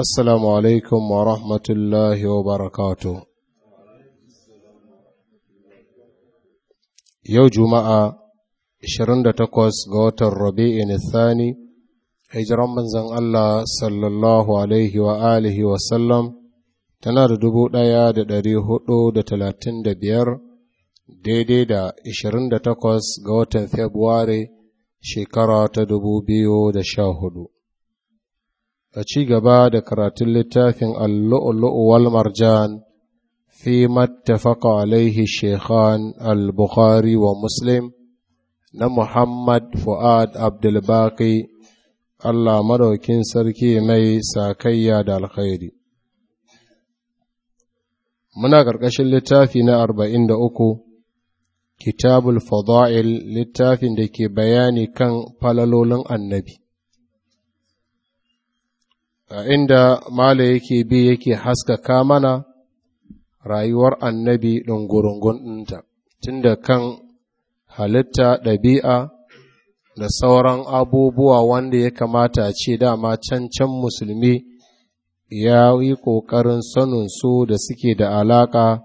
السلام wa ورحمة Yau Juma'a يو جماعة 28 ga watan rabi'in thani hijiran manzon Allah sallallahu alaihi wa alihi wa sallam tana da dubu ɗaya da ɗari hudu da talatin da biyar daidai da ishirin da takwas ga watan Fabrairu shekara ta dubu biyu da sha hudu. A ci gaba da karatun littafin allu'ulu'u wal marjan fi mattafaka alaihi shekhan al-bukhari wa muslim na muhammad fu'ad abdulbaki allah madaukin sarki mai sakayya da alkhairi muna ƙarƙashin littafi na arba'in da uku kitabul fada'il littafin da ke bayani kan falalolin annabi a inda mala yake bi yake haskaka mana rayuwar annabi ɗin gurungun ɗinta tunda kan halitta ɗabi'a da sauran abubuwa wanda ya kamata ce dama can can musulmi ya yi ƙoƙarin sanin su da suke da alaƙa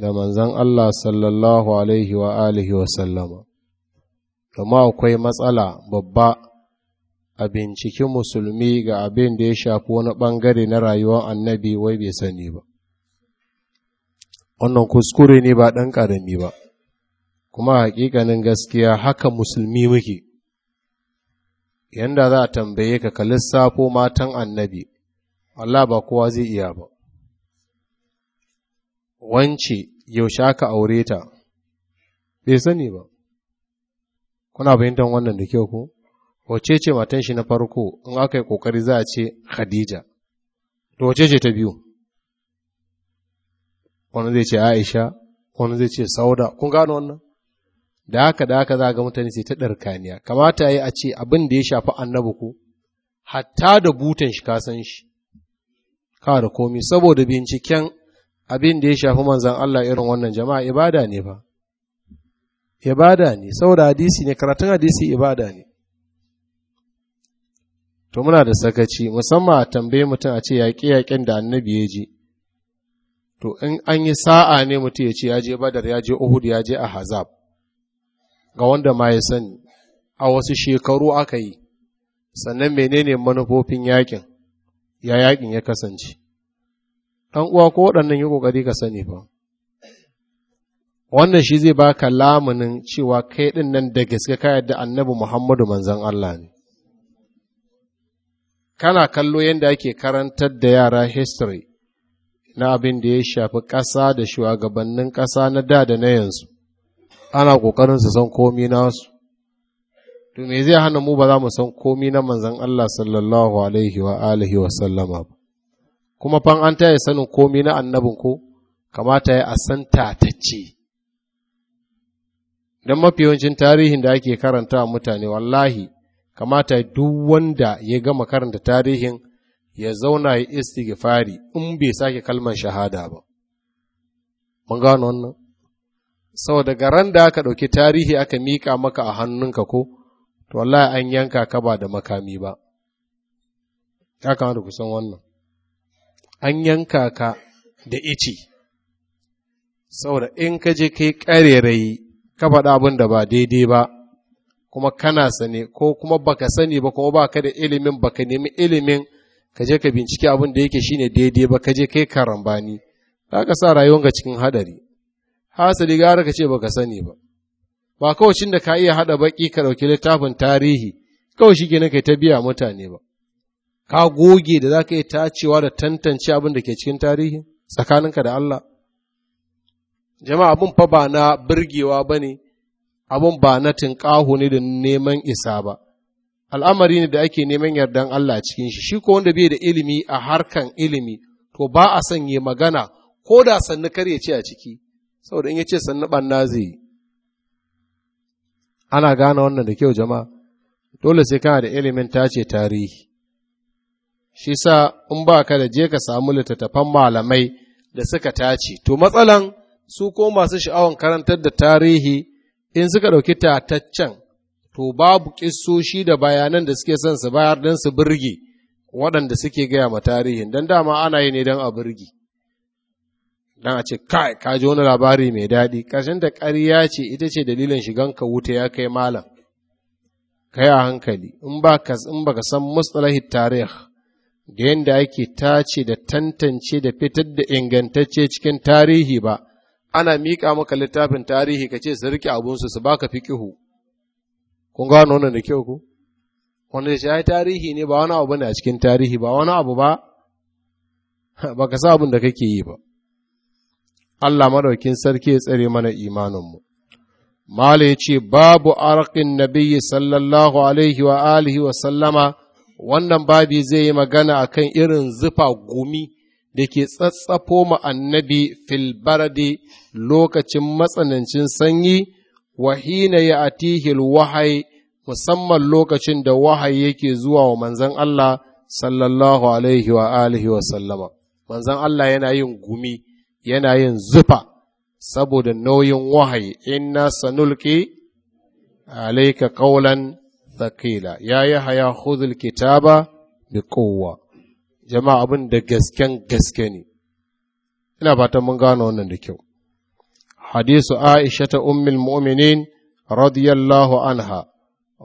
da manzan Allah sallallahu alaihi wa’alihi wasallama. wa akwai matsala babba a binciki musulmi ga abin da ya shafi wani bangare na rayuwar annabi wai bai sani ba wannan kuskure ne ba ɗan ƙarami ba kuma haƙiƙanin gaskiya haka musulmi muke yanda za a tambaye ka ka lissafo matan annabi Allah ba kowa zai iya ba wance yaushe aka aure ta bai sani ba kuna fahimtar wannan da kyau ko wace ce matan shi na farko in aka yi kokari za a ce khadija to wace ce ta biyu wani zai ce aisha wani zai ce sauda kun gano wannan da haka da haka za ga mutane sai ta ɗarkaniya kamata ya yi a ce abin da ya shafi annabi ko hatta da butan shi kasan shi ka da komi saboda binciken abin da ya shafi manzan Allah irin wannan jama'a ibada ne ba ibada ne saboda hadisi ne karatun hadisi ibada ne to muna da sakaci musamman a tambaye mutum a ce yaƙe-yaƙen da annabi ya je to in an yi sa'a ne mutum ya ce ya je badar ya je uhud ya je ahzab ga wanda ma ya sani a wasu shekaru aka yi sannan menene manufofin yaƙin, ya yaƙin ya kasance ɗan uwa ko waɗannan yi ƙoƙari ka sani ba wannan shi zai baka lamunin cewa kai ɗin nan da gaske ka yadda annabi muhammadu manzan Allah ne kana kallo yadda ake karantar da yara history na abin da ya shafi ƙasa da shugabannin ƙasa na da da na yanzu ana ƙoƙarin su san komi nasu to me zai hana mu ba za mu san komi na manzon Allah sallallahu alaihi wa alihi wa sallama ba kuma fan an taya sanin komi na annabin ko kamata ya ta tatacce don mafi yawancin tarihin da ake karanta mutane wallahi kamata duk wanda ya gama karanta tarihin ya zauna ya istighfari in bai sake kalmar shahada ba mun gano wannan saboda garan da aka ɗauki tarihi aka mika maka a hannunka ko to wallahi an yanka ka ba da makami ba ya kamata ku san wannan an yanka ka da ici saboda in ka je kai ƙarerayi ka faɗa abin da ba daidai ba kuma kana sane ko kuma baka sani ba kuma ba ka da ilimin baka nemi ilimin ka je ka bincike abin da yake shine daidai ba ka je kai karambani ka sa rayuwanka cikin hadari hasali gara ka ce baka sani ba ba kawacin da ka iya hada baki ka dauki littafin tarihi kawai shi kenan kai ta biya mutane ba ka goge da zaka ta tacewa da tantance abin da ke cikin tarihi tsakaninka da Allah jama'a abin fa ba na birgewa bane abun ba na tinƙaho ne da neman isa ba al'amari ne da ake neman yardan Allah cikin shi shi ko wanda bai da ilimi a harkan ilimi to ba a sanye magana ko da sannu kar ce a ciki saboda in ya ce sannu ɓanna zai ana gane wannan da kyau jama'a dole sai kana da ilimin tace tarihi shi sa in ba ka da je ka samu littattafan malamai da suka tace to matsalan su ko masu sha'awar karantar da tarihi in suka ɗauki tataccen to babu ƙissoshi da bayanan da suke son su bayar don su birge waɗanda suke gaya ma tarihin don dama ana yi ne don a birge don a ce kai ka ji wani labari mai daɗi ƙarshen da ƙarya ce ita ce dalilin shigan ka wuta ya kai malam kai a hankali in ba ka san mustalahi tarih da yadda ake tace da tantance da fitar da ingantacce cikin tarihi ba ana miƙa maka littafin tarihi ka ce su riƙe abunsu su baka fiƙihu kun gano wannan da kyau ku wanda shi ai tarihi ne ba wani abu ne a cikin tarihi ba wani abu ba ba ka sa abin da kake yi ba Allah madaukin sarki ya tsare mana imaninmu Mala ya ce babu arqin nabiyyi sallallahu alaihi wa alihi wa sallama wannan babi zai yi magana akan irin zufa gumi da ke tsatsafo ma annabi lokacin matsanancin sanyi wahina ya ya atihil wahai musamman lokacin da wahayi yake zuwa wa manzan Allah sallallahu alaihi wa alihi wa sallama manzan Allah yana yin gumi yana yin zufa saboda nauyin wahayi inna sanulki alaika qawlan thaqila ya yahya khudhul kitaba biquwwa jama'a abin da gasken gaske ne ina fatan mun gano wannan da kyau hadisu aisha ta ummul mu'minin radiyallahu anha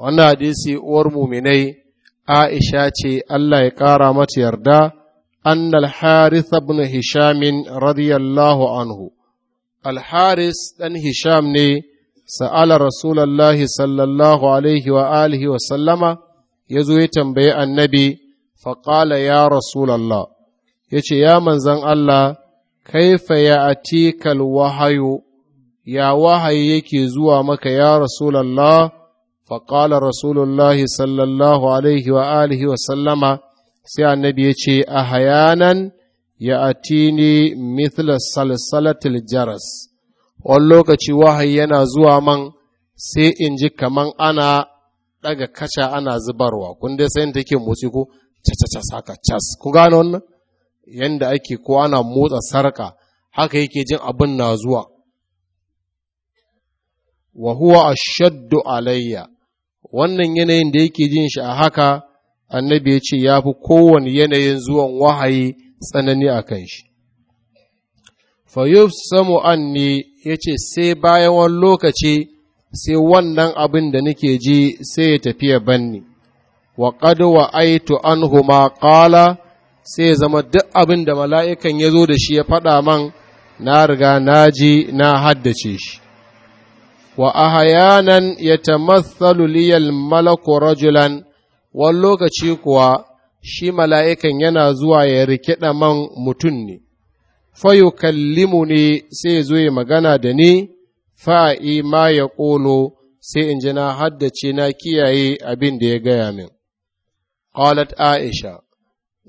wannan hadisi uwar mu'minai aisha ce Allah ya ƙara mata yarda an al-haris ibn hisham radiyallahu anhu al-haris dan hisham ne sa'ala rasulullahi sallallahu alaihi wa alihi wa sallama yazo ya tambaye annabi faƙala ya rasulallah ya ce ya Allah kaifa ya atikal wahayo ya wahayi yake zuwa maka ya rasulallah faƙala rasulullahi sallallahu alaihi wa alihi wa sai annabi ya ce a hayanan ya atini mithla salsalatil jaras wani lokaci wahayi yana zuwa man sai in ji kaman ana ɗaga kaca ana zubarwa kun dai sayin take motsi ko cacacas haka cas ku gano wannan yanda ake ko ana motsa sarka haka yake jin abin na zuwa wa huwa ashaddu alayya wannan yanayin da yake jin shi a haka annabi ya ce ya fi kowane yanayin zuwan wahayi tsanani a kan shi fayuf samu ne ya ce sai bayan wani lokaci sai wannan abin da nake ji sai ya tafiya banni wa qad an anhuma ƙala, sai zama duk abin da mala'ikan ya zo da shi ya faɗa man na riga na ji na haddace shi wa ahyanan ya tamathalu liyal malaku rajulan wani lokaci kuwa shi mala'ikan yana zuwa ya rikiɗa man mutum ne fayu kallimu ne sai zo ya magana da ni fa'i ma ya ƙolo sai in ji na haddace na kiyaye abin da ya gaya min qalat aisha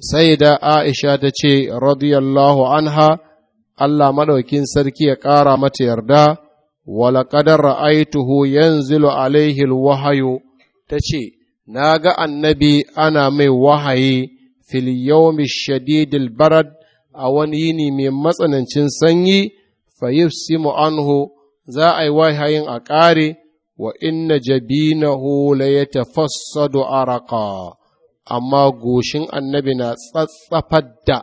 sai da aisha ta ce radiyallahu anha Allah maɗaukin sarki ya ƙara mata yarda walaƙad ra'aituhu yanzilu alaihi alwahyu tace naga annabi ana mai wahayi fil yawmi shadidil barad a wani yini mai matsanancin sanyi fayufsimu anhu za a yi wahayin a ƙare wa inna jabinahu ya yatafassadu araqa amma goshin annabi na tsatsafar da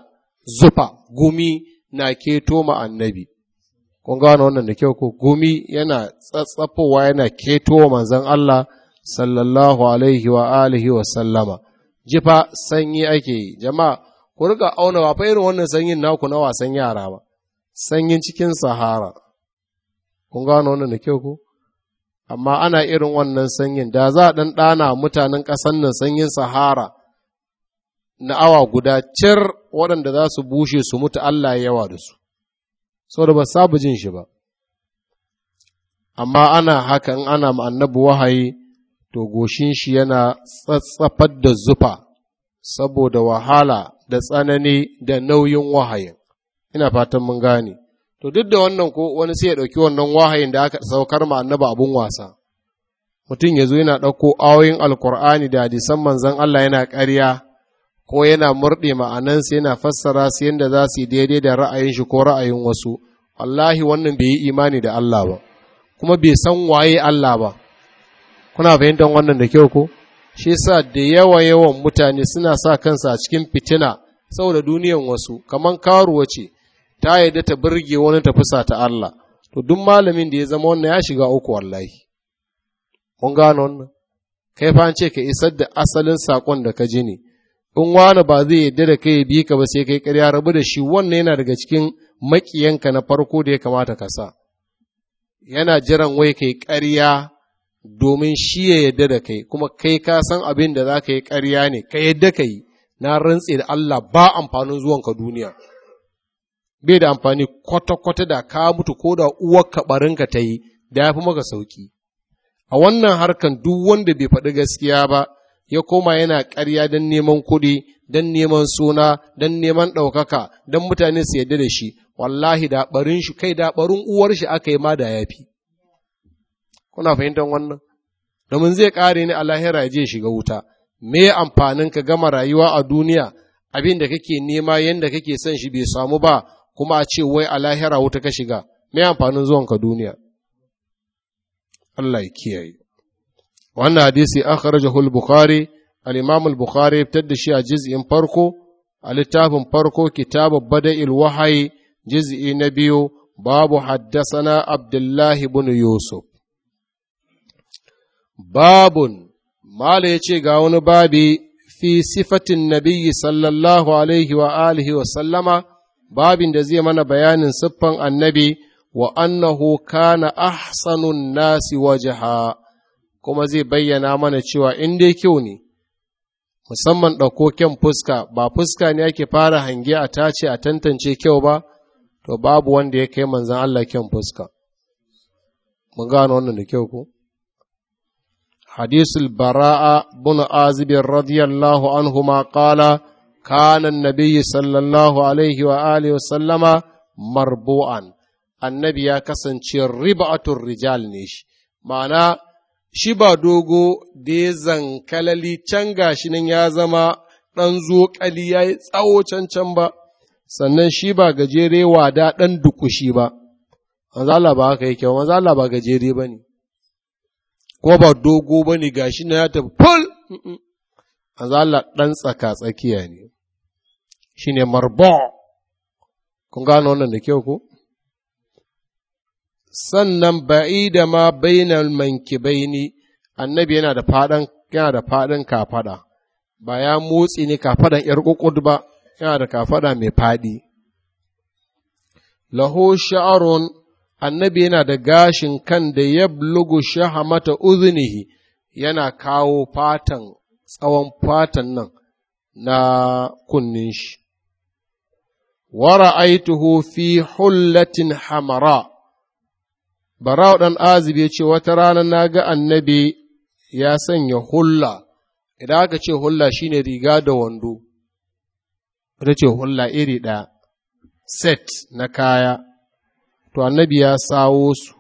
zufa gumi na keto ma annabi kun gano wannan da kyau ko gumi yana tsatsafowa yana keto wa manzon Allah sallallahu alaihi wa alihi wa sallama jifa sanyi ake yi jama'a ku riga auna ba fa irin wannan sanyin naku na wasan yara ba sanyin cikin sahara kun gano wannan da kyau ko amma ana irin wannan sanyin da za a ɗan ɗana mutanen ƙasan nan sanyin sahara na awa guda cir waɗanda za su bushe su mutu Allah yawa da su saboda ba sabu jin shi ba amma ana haka in ana annabi wahayi to goshin shi yana tsatsafar da zufa saboda wahala da tsanani da nauyin wahayin ina fatan mun gane to duk da wannan ko wani sai ya ɗauki wannan wahayin da aka saukar ma annaba abun wasa mutum ya zo yana dauko ayoyin alkur'ani da hadisan manzan Allah yana ƙarya ko yana murɗe sai yana fassara su yadda za su yi daidai da ra'ayin shi ko ra'ayin wasu wallahi wannan bai yi imani da Allah ba kuma bai san waye Allah ba kuna fahimtar wannan da kyau ko shi yasa da yawa yawan mutane suna sa kansa a cikin fitina saboda duniyan wasu kaman karuwa ce ta yadda ta birge wani ta fusa ta Allah to duk malamin da ya zama wannan ya shiga uku wallahi kun gano wannan kai fa ka isar da asalin saƙon da ka ji ne in wani ba zai yadda da kai bi ka ba sai kai ƙarya rabu da shi wannan yana daga cikin makiyanka na farko da ya kamata ka sa yana jiran wai kai ƙarya domin shi ya yadda da kai kuma kai ka san abin da za ka yi ƙarya ne ka yadda ka yi na rantse da Allah ba amfanin zuwanka duniya bai da amfani kwata-kwata da ka mutu ko da uwar kabarinka ta yi da ya fi maka sauki a wannan harkan duk wanda bai faɗi gaskiya ba ya koma yana ƙarya don neman kuɗi don neman suna don neman ɗaukaka don mutane su yadda da shi wallahi da ɓarin shi kai da ɓarin uwar shi aka yi ma da ya yafi kuna fahimtar wannan domin zai ƙare ni a lahira ya je shiga wuta me amfanin ka gama rayuwa a duniya abin da kake nema yadda kake son shi bai samu ba kuma a ce wai a lahira wuta ka shiga me amfanin zuwanka duniya Allah ya kiyaye wannan hadisi akhrajahu al-bukhari al-imam al-bukhari fitar da shi a juz'in farko a littafin farko kitabu bada'il wahayi juz'i na biyu babu haddasana abdullahi ibn yusuf babun mala ya ce ga wani babi fi sifatin nabiyyi sallallahu alaihi wa alihi wa sallama babin da zai mana bayanin siffan annabi wa annahu kana ahsanun nasi wajaha. kuma zai bayyana mana cewa in dai kyau ne musamman ɗauko kyan fuska ba fuska ne ake fara hange a tace a tantance kyau ba to babu wanda ya kai manzan Allah kyan fuska mun gano wannan da kyau ko hadisul bara'a bin azibin radiyallahu anhu ma qala kana annabi sallallahu alaihi wa alihi sallama marbu'an annabi ya kasance rib'atul rijal ne ma'ana shi ba dogo da zankalali can gashi nan ya zama ɗan zokali ya yi tsawo can can ba sannan shi ba gajere wada ɗan dukushi ba manzala ba haka yake ba manzala ba gajere ba ne ko ba dogo ba ne gashi na ya tafi ful manzala ɗan tsaka tsakiya ne shine marbo kun gano wannan da kyau ku? sannan bai da ma bainal mankibaini annabi yana da fadan yana da faɗin kafada ba ya motsi ne kafadan yar kukud ba yana da kafada mai faɗi laho sha'arun annabi yana da gashin kan da yablugu shahamata uzunihi yana kawo fatan tsawon fatan nan na kunnin shi ورأيته في حلة حمراء براو دان آزب يتشي وترانا ناقا النبي يا سنيا حلة إذا أكا تشي حلة شيني ريقا دواندو إذا تشي حلة iri دا set na kaya, to annabi ya sawo su,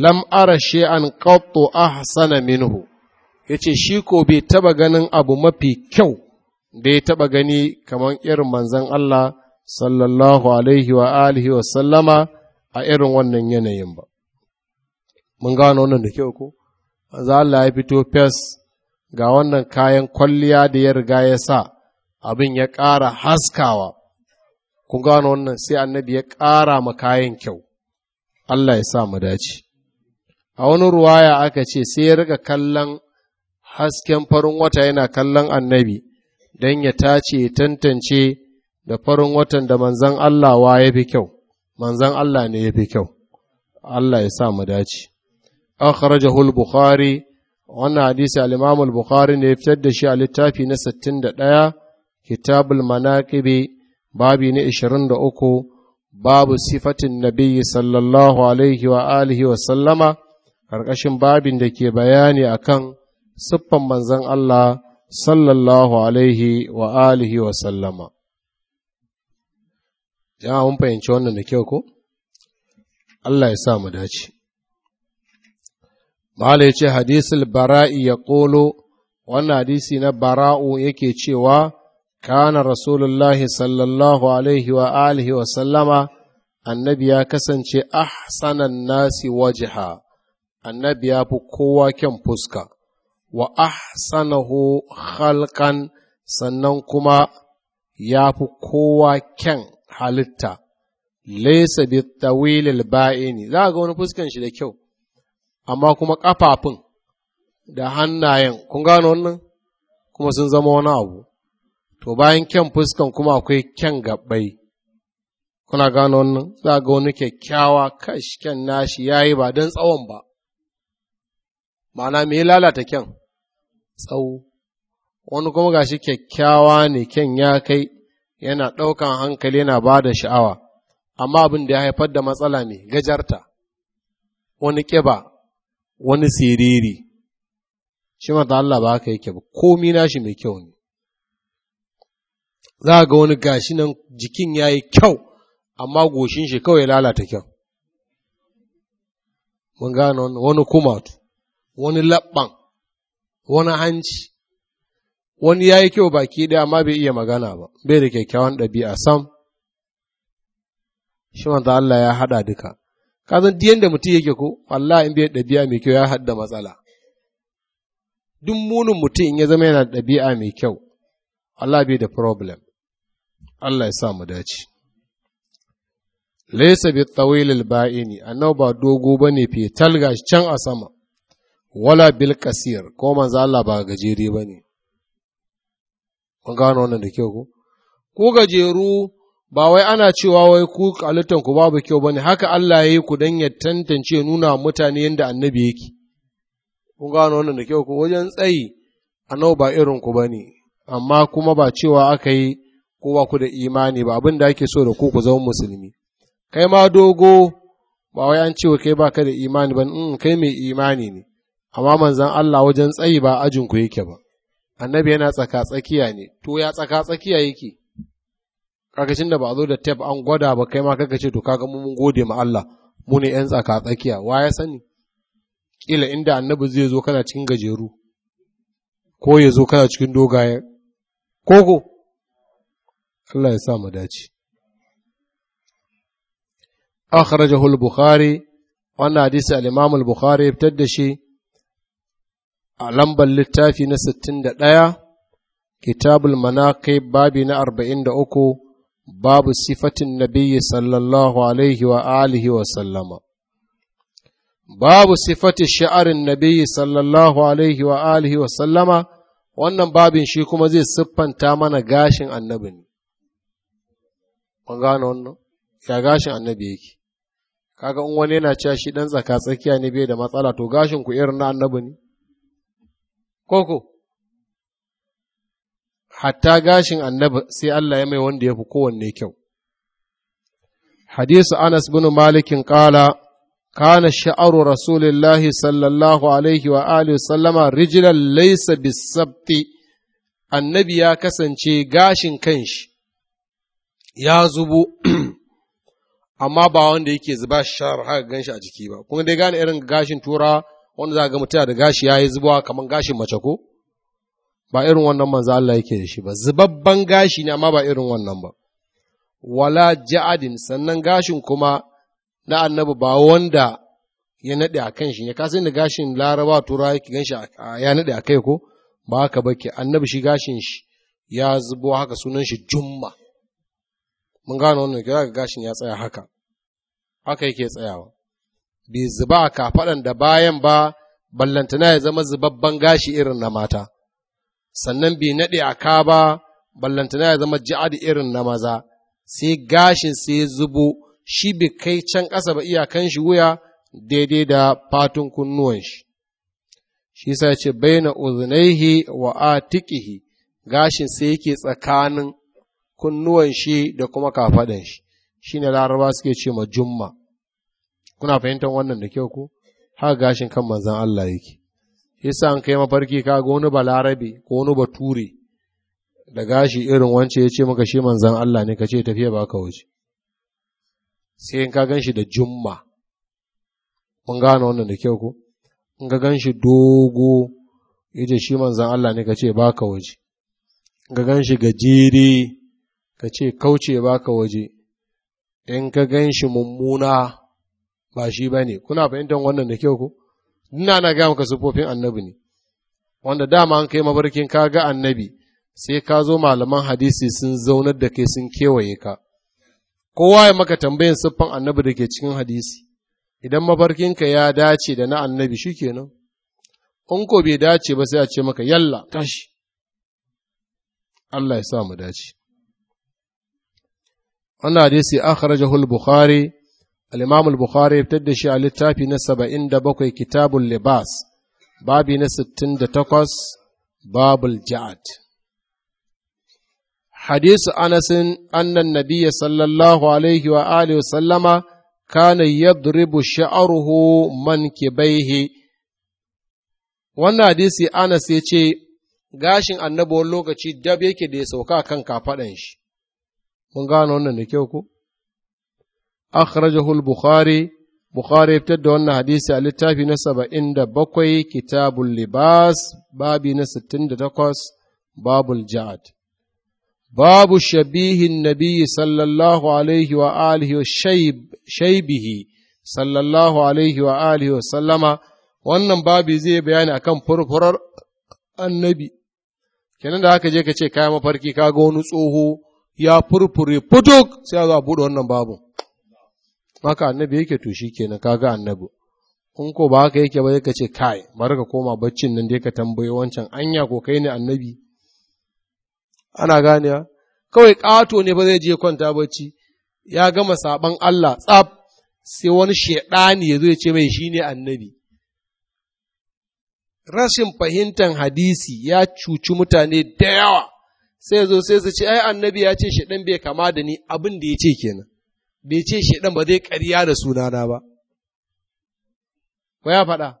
lam ara she'an ƙaɓto ahsana minhu, ya ce shi ko bai taɓa ganin abu mafi kyau da ya taɓa gani kamar irin manzan Allah sallallahu alaihi wa alihi wa sallama a irin wannan yanayin ba mun gano wannan da kyau ko manzo Allah ya fito fes ga wannan kayan kwalliya da ya riga ya sa abin ya ƙara haskawa kun gano wannan sai annabi ya ƙara ma kayan kyau Allah ya sa mu dace a wani ruwaya aka ce sai ya riga kallon hasken farin wata yana kallon annabi don ya tace ya tantance da farin watan da manzan Allah wa ya fi kyau, manzan Allah ne ya fi kyau, Allah ya sa mu dace. Akhrajahul Bukhari, wannan hadisi al bukhari ne ya fitar da shi a littafi na 61, Kitabul Manaqibi, babi na 23, babu sifatin Nabi sallallahu alaihi wa alihi wa sallama, ƙarƙashin babin da ke bayani akan siffan manzan Allah sallallahu alaihi wa alihi wa sallama. jama'a mun fahimci wannan da kyau ko Allah ya sa mu dace Mala ya ce hadisul bara'i ya ƙolo, wannan hadisi na bara'u yake cewa, kana Rasulullahi sallallahu alaihi wa alihi wa sallama, annabi ya kasance ahsanan nasi wajiha, annabi ya fi kowa kyan fuska, wa ahsanahu halkan sannan kuma ya fi kowa kyan halitta laisa bi tawilil ba'ini za ga wani fuskan shi da kyau amma kuma kafafun da hannayen kun gano wannan kuma sun zama wani abu to bayan kyan fuskan kuma akwai kyan gabbai kuna gano wannan za ga wani kyakkyawa kash kyan nashi yayi ba don tsawon ba ma'ana me lalata kyan tsawo wani kuma gashi kyakkyawa ne kyan ya kai yana ɗaukan hankali yana ba da sha'awa amma abin da ya haifar da matsala ne gajarta wani ƙiba wani siriri shi mata Allah ba ka yake ba komi nashi mai kyau ne za ga wani gashi nan jikin ya yi kyau amma goshin shi kawai lalata kyau mun gane wani kumatu wani labban wani hanci wani ya yi kyau baki ɗaya amma bai iya magana ba bai da kyakkyawan ɗabi'a sam shi manzo Allah ya haɗa duka ka zan diyan da mutum yake ko Allah in bai ɗabi'a mai kyau ya hadda matsala duk munin mutum in ya zama yana ɗabi'a mai kyau Allah bai da problem Allah ya sa mu dace laysa bi tawil al ba'ini annabi ba dogo bane fetal gashi can a sama wala bil kasir ko manzo Allah ba gajere bane Kun gano wannan da kyau ko? Ku gajeru ba wai ana cewa wai ku halittan ku babu kyau bane haka Allah ya yi ku dan ya tantance nuna mutane yadda annabi yake. Kun gano wannan da kyau ko wajen tsayi annabi ba irin ku bane amma kuma ba cewa aka yi kowa ku da imani ba abin da ake so da ku ku zama musulmi. Kai ma dogo ba wai an cewa kai baka da imani ba in mm, kai mai imani ne amma manzan Allah wajen tsayi ba ajin ku yake ba annabi yana tsaka-tsakiya ne to ya tsaka-tsakiya yake karkashin da ba a zo da tab an gwada ba kai ma kaka ce to kaga mun gode ma Allah mu ne yan tsaka-tsakiya wa ya sani kila inda annabi zai zo kana cikin gajeru ko ya zo kana cikin dogaye koko Allah ya sa mu dace akhrajahu al-bukhari wannan hadisi al-imam al-bukhari ya fitar da shi a lambar littafi na 61 kitabul manakai babi na 43 babu sifatin nabiyyi sallallahu alaihi wa alihi wa sallama babu sifati sha'arin nabiyyi sallallahu alaihi wa alihi wa sallama wannan babin shi kuma zai siffanta mana gashin annabi ne kun gane wannan ya gashin annabi yake kaga in wani yana cewa shi dan tsaka tsakiya ne bai da matsala to gashin ku irin na annabi ne koko hatta gashin annabi sai Allah ya mai wanda ya fi kowanne kyau hadisu anas bin malikin kala kana sha'aru rasulillahi sallallahu alaihi wa alihi sallama rijilan laisa bisabti annabi ya kasance gashin kanshi ya zubo amma ba wanda yake zuba shahar haka ganshi a jiki ba kuma dai gane irin gashin turawa. wanda za ga mutum da gashi ya yi zubawa kamar gashin mace ko ba irin wannan manzo Allah yake da shi ba zubabban gashi ne amma ba irin wannan ba wala ja'adin sannan gashin kuma na annabi ba wanda ya nade a kan shi ne kasan da gashin laraba tura yake ganshi ya nade a kai ko ba haka ba annabi shi gashin shi ya zubo haka sunan shi jumma mun gano wannan ga gashin ya tsaya haka haka yake tsayawa Bi zuba a kafaɗan da bayan ba ballantana ya zama zubabban gashi irin na mata sannan bi naɗe a ka ba ballantana ya zama ji'adi irin na maza sai gashin sai zubo shi bi kai can ƙasa ba iyakan shi wuya daidai da fatun kunnuwan shi shi sa ce baina uzunaihi wa atikihi gashin sai yake tsakanin kunnuwan shi da kuma kafaɗan shi shine laraba suke ce ma jumma kuna fahimtar wannan da kyau ko haka gashin kan manzan Allah yake yasa an kai mafarki ka ga wani balarabe ko wani bature da gashi irin wance ya ce maka shi manzan Allah ne ka ce tafiya ba ka wuce sai in ka gan shi da jumma mun gane wannan da kyau ko in ka gan shi dogo ya ce shi manzan Allah ne ka ce ba ka waje in ka gan shi gajere ka ce kauce ba ka waje in ka gan shi mummuna ba shi ba ne kuna fahimtar wannan da kyau ku. ina na gaya maka sufofin annabi ne wanda dama an kai mabarkin ka ga annabi sai ka zo malaman hadisi sun zaunar da kai sun kewaye ka kowa ya maka tambayin siffan annabi da ke cikin hadisi idan ka ya dace da na annabi shi kenan in ko bai dace ba sai a ce maka yalla tashi Allah ya sa mu dace wannan hadisi akhrajahu al-bukhari Alimamul imam bukhari ya fitar da shi a littafi na 77 kitabul libas babi na 68 babul ja'ad حديث أنس أن النبي صلى الله عليه وآله وسلم كان يضرب شعره منكبيه wannan hadisi Anas ya ce gashin annabi wani lokaci dab yake da ya sauka kan kafaɗan shi mun gano wannan da kyau ko أخرجه البخاري bukhari bukhari ya fitar da wannan hadisi a littafi na saba'in da bakwai kitabul libas babi na sittin da takwas babul ja'ad babu shabihin nabiyyi sallallahu alaihi wa alihi wa shaibihi sallallahu alaihi wa alihi wa wannan zai bayani furfurar annabi kenan da haka je ka ce kaya mafarki ga wani tsoho ya furfure putuk sai a zo a buɗe wannan babun Baka annabi yake to shi kenan ga annabi in ko ba haka yake ba zai ka ce kai bari ka koma baccin nan dai ka tambaye wancan anya ko kai ne annabi ana gane kawai ƙato ne ba zai je kwanta bacci ya gama saban Allah tsaf sai wani shaidani ya zo ya ce mai shine annabi rashin fahimtar hadisi ya cuci mutane da yawa sai zo sai su ce ai annabi ya ce shaidan bai kama da ni abin da ya ce kenan bai ce shaidan ba zai ƙarya da sunana ba ko ya faɗa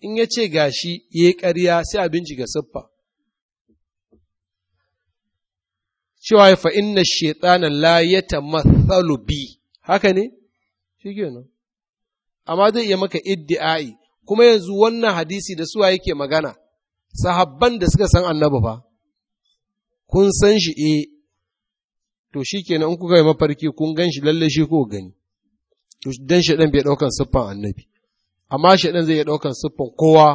in ya ce gashi ya yi ƙarya sai a bincika siffa cewa ya fa'in na shaitana layyata ya haka ne shi nan. amma zai iya maka iddi'ai kuma yanzu wannan hadisi da suwa yake magana sahabban da suka san annabi ba kun san shi eh to shi kenan in kuka yi mafarki kun gan shi lalle shi ko gani to dan dan bai ɗaukan siffan annabi amma shi dan zai daukan ɗaukan siffan kowa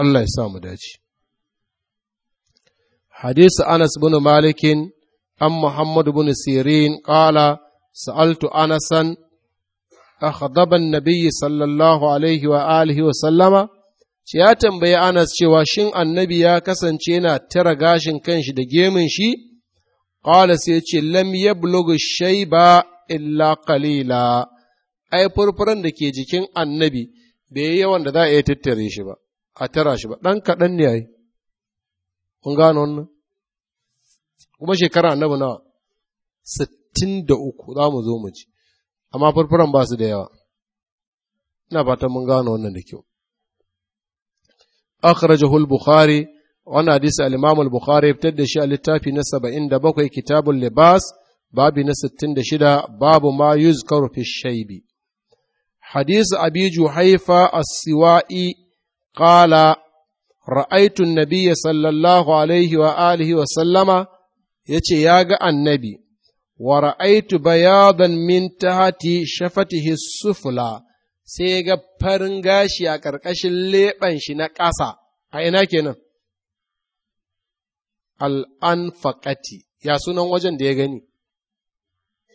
Allah ya sa mu dace hadisi Anas bin Malikin an Muhammad bin Sirin qala sa'altu Anasan أخضب النبي صلى الله عليه وآله وسلم sai ya tambayi Anas cewa shin annabi ya kasance yana tara gashin kanshi da gemin shi? Ƙwala sai ce, Lam shai shaiba illa kalila ai furfuran da ke jikin annabi bai yi yawan da za a iya tattare shi ba, a tara shi ba, ɗan kaɗan ne yayi Kun gano wannan? Kuma shekara annabi nawa? Sittin da uku za mu zo mu ci, amma furfuran ba su da yawa. Ina fatan mun gano wannan da kyau. akhrajahu al-bukhari hadisi al-imam al-bukhari fitar da shi a littafi na 77 kitabul libas babi na 66 babu ma yuzkaru fi shaybi حديث أبي جحيفة السوائي قال رأيت النبي صلى الله عليه وآله وسلم يتي ياغا النبي ورأيت بياضا من تحت شفته السفلى sai ga farin gashi a ƙarƙashin leɓen shi na ƙasa, a ina kenan? Al'anfaƙati, ya sunan wajen da ya gani,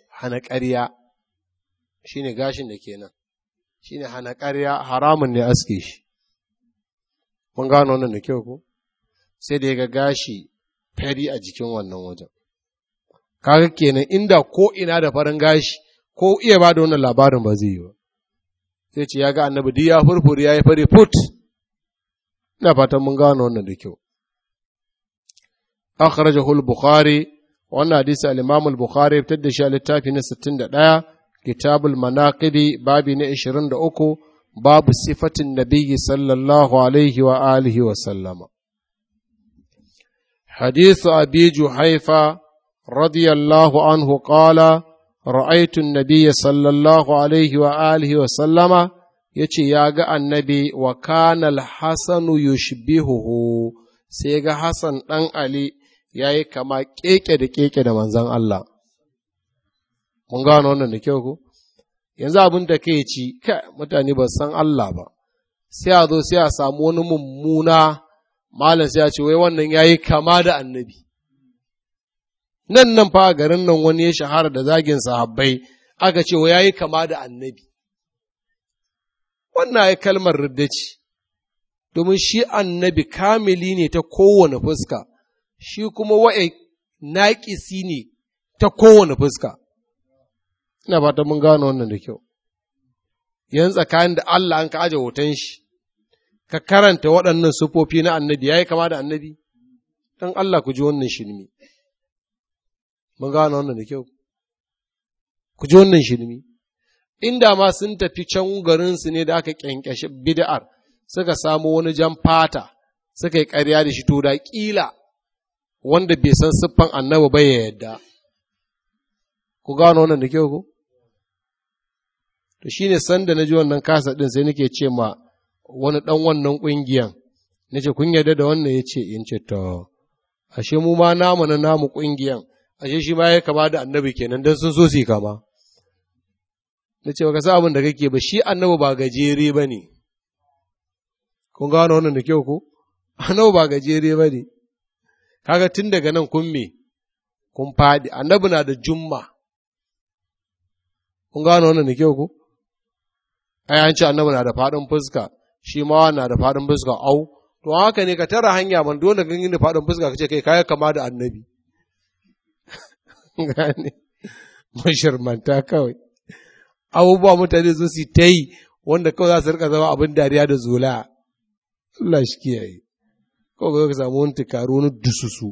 hana ƙarya shi ne gashin da kenan, shi ne hana ƙarya haramun ne aske shi. Mun gano wannan da kyau ko? Sai da ya ga gashi fari a jikin wannan wajen. Kaga kenan inda ko ina da farin gashi, ko iya ba da wannan labarin ba zai yi ba. sai ce ya ga annabi duk ya furfuri ya yi fari fut ina fatan mun gano wannan da kyau akhrajahu al-bukhari wannan hadisi al-imam al-bukhari fitar da shi a littafi na 61 kitabul manaqib babi na 23 babu sifatin nabiyyi sallallahu alaihi wa alihi wa sallama حديث أبي جحيفة رضي الله عنه ra'aitun nabiyya sallallahu alaihi wa wa sallama ya ce ya ga annabi wa kanal hasanu yushbihuhu sai ga hassan ɗan ali ya yi kama keke da keke da manzan Allah kun gano wannan da kyau ku yanzu abin da kai ci kai mutane ba san Allah ba sai a zo sai a samu wani mummuna malam sai a ce wai wannan ya yi kama da annabi nan nan fa garin nan wani ya shahara da zagin sahabbai aka ce wa yi kama da annabi wannan ya kalmar riddaci domin shi annabi kamili ne ta kowane fuska shi kuma wa'e naƙisi ne ta kowane fuska ina fata mun gano wannan da kyau yan tsakanin da Allah an ka aje hoton shi ka karanta waɗannan sufofi na annabi Ya yi kama da annabi dan Allah ku ji wannan shirmi mun gano wannan da kyau ku ji wannan shirmi inda ma sun tafi can garinsu ne da aka kyankyashi bid'ar suka samo wani jan fata suka yi ƙarya da shi to da ƙila wanda bai san siffan annabi ba ya yadda ku gano wannan da kyau ko to shine sanda na ji wannan kasa din sai nake ce ma wani dan wannan kungiyan nace kun yarda da wannan yace in ce to ashe mu ma namu na namu kungiyan ashe shi ma ya kama da annabi kenan don sun so su yi kama na ce baka sa abin da kake ba shi annabi ba gajere ba ne kun gano wannan da kyau ko annabi ba gajere ba ne kaga tun daga nan kun me kun fadi annabi na da jumma kun gano wannan da kyau ko ai an ce annabi na da fadin fuska shi ma na da fadin fuska au to haka ne ka tara hanya man dole ganin da faɗin fuska ka ce kai kaya kama da annabi gane mashirmanta kawai abubuwa mutane su su ta yi wanda kawai za su rika zama abin dariya da zola Allah shi kiyaye kawai ka samu wani tukaru wani dususu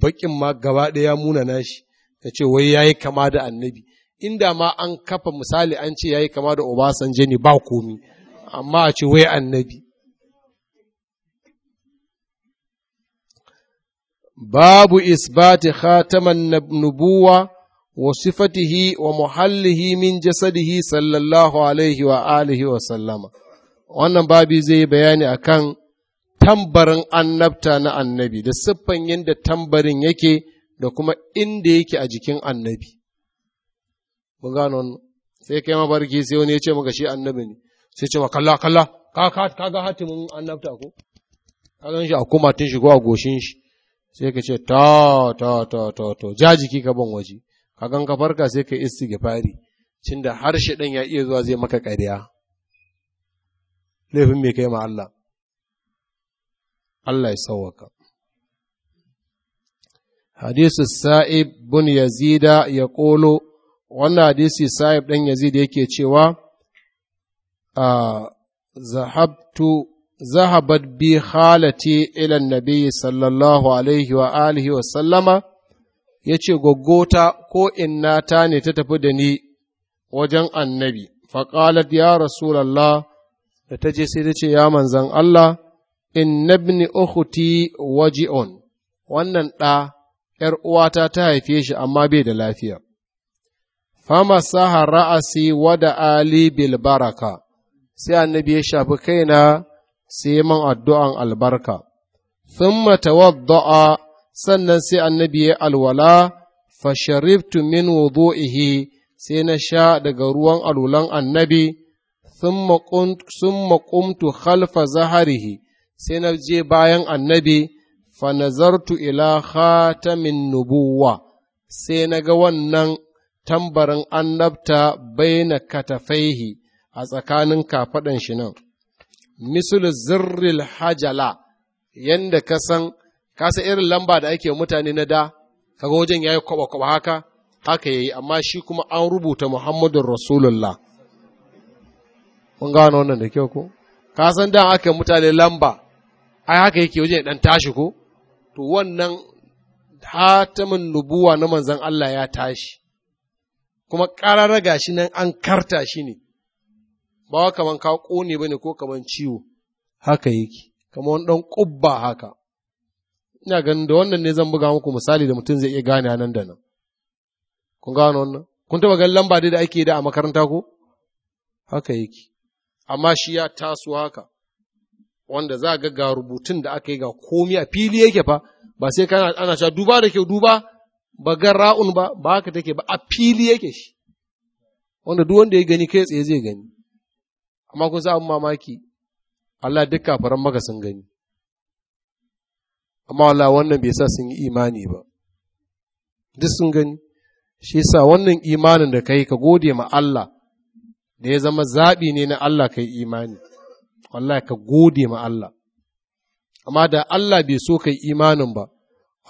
bakin ma gaba ɗaya muna nashi ka ce wai yayi kama da annabi inda ma an kafa misali an ce ya yi kama da obasan ne ba komi amma a ce wai annabi babu isbati khataman nubuwa wa sifatihi wa muhallihi min jasadihi sallallahu alaihi wa alihi wa sallama wannan babi zai yi bayani akan tambarin annabta na annabi da siffan yadda tambarin yake da kuma inda yake a jikin annabi mun gano a goshin shi sai ka ce to to to to to ja jiki ka ban waje ka gan ka farka sai ka fari cin da harshe ɗan ya iya zuwa zai maka ƙarya laifin mai kai ma Allah Allah ya sauwaka hadisu sa'ib bin yazida ya ƙolo wannan hadisi sa'ib ɗan yazida yake cewa a ah, zahabtu zahabat bi halati ilan nabi sallallahu alaihi wa alihi wa sallama ya ce gwaggota ko innata ne ta tafi da ni wajen annabi faƙalat ya rasulallah da ta je sai ta ce ya manzan Allah in nabni ukhti waji'un wannan ɗa ‘yar uwata ta haife shi amma bai da lafiya. Fama saha ra'asi wada Ali bil baraka, sai annabi ya shafi kaina sai man addu'an albarka thumma tawadda'a sannan sai annabi ya alwala fa sharibtu min wudu'ihi sai na sha daga ruwan alulan annabi thumma qumtu khalfa zaharihi sai na je bayan annabi fa nazartu ila khatamin nubuwa sai na ga wannan tambarin annabta baina katafaihi a tsakanin kafaɗan shi nan misul zirril hajala yanda ka san ka san irin lamba da ake mutane na da kaga wajen yayi kwaba kwaba haka haka yayi amma shi kuma an rubuta Muhammadur Rasulullah kun gano wannan da kyau ko ka san da aka mutane lamba ai haka yake wajen dan tashi ko to wannan hatamin nubuwa na manzon Allah ya tashi kuma ƙararraga ragashi nan an karta shi ne ba kaman ka ƙone ba ne ko kaman ciwo haka yake kama wani ɗan ƙubba haka ina ganin da wannan ne zan buga muku misali da mutum zai iya gane nan da nan kun gano wannan kun taɓa ganin lamba dai da ake da a makaranta ko haka yake amma shi ya taso haka wanda za ga ga rubutun da aka yi ga komi a fili yake fa ba sai kana ana sha duba da kyau duba ba ga ra'un ba ba haka take ba a fili yake shi wanda duk wanda ya gani kai tsaye zai gani amma kun sa mamaki Allah duk kafaran maka sun gani amma Allah wannan bai sa sun yi imani ba duk sun gani shi sa wannan imanin da kai ka gode ma Allah da ya zama zaɓi ne na Allah kai imani Allah ka gode ma Allah amma da Allah bai so kai imanin ba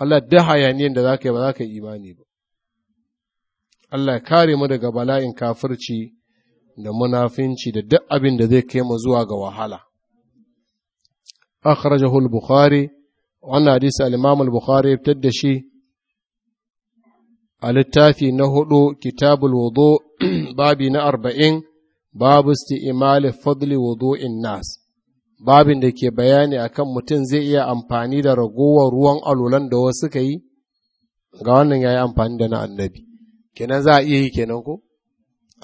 Allah duk hayaniyan da za ka yi ba za ka yi imani ba Allah ya kare mu daga bala'in kafirci da munafinci da duk abin da zai kai mu zuwa ga wahala akhrajahu al-bukhari wannan hadisi al-imam al-bukhari ya fitar da shi a littafi na hudu kitabul wudu babi na arba'in babu isti'mal fadli in nas babin da ke bayani akan mutum zai iya amfani da ragowar ruwan alulan da wasu suka yi ga wannan yayi amfani da na annabi kenan za a iya yi kenan ko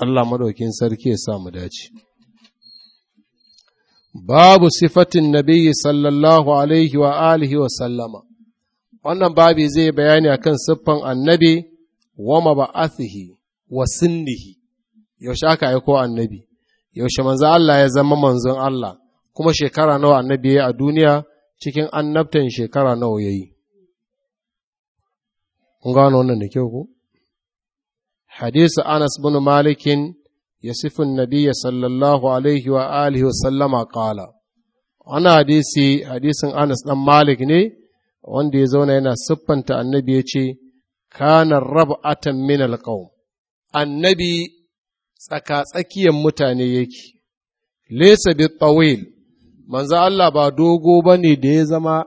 Allah madaukin sarki ya sa mu dace babu sifatin nabiyyi sallallahu alaihi wa alihi wa sallama wannan Babu zai bayani akan siffan annabi wa maba'athihi wa sinnihi yaushe aka aiko annabi yaushe manzo Allah ya zama manzon Allah kuma shekara nawa annabi yayi a duniya cikin annabtan shekara nawa yayi kun gano wannan da kyau ko hadisu Anas bin Malikin ya sifin Nabiya sallallahu alaihi wa alihi wa sallama ƙala. Wani hadisi hadisin Anas ɗan Malik ne wanda ya zauna yana siffanta annabi ya ce, raba atan min alƙawm. Annabi tsaka-tsakiyar mutane yaki lesa bi tsawil, manzo Allah ba dogo ba ne da ya zama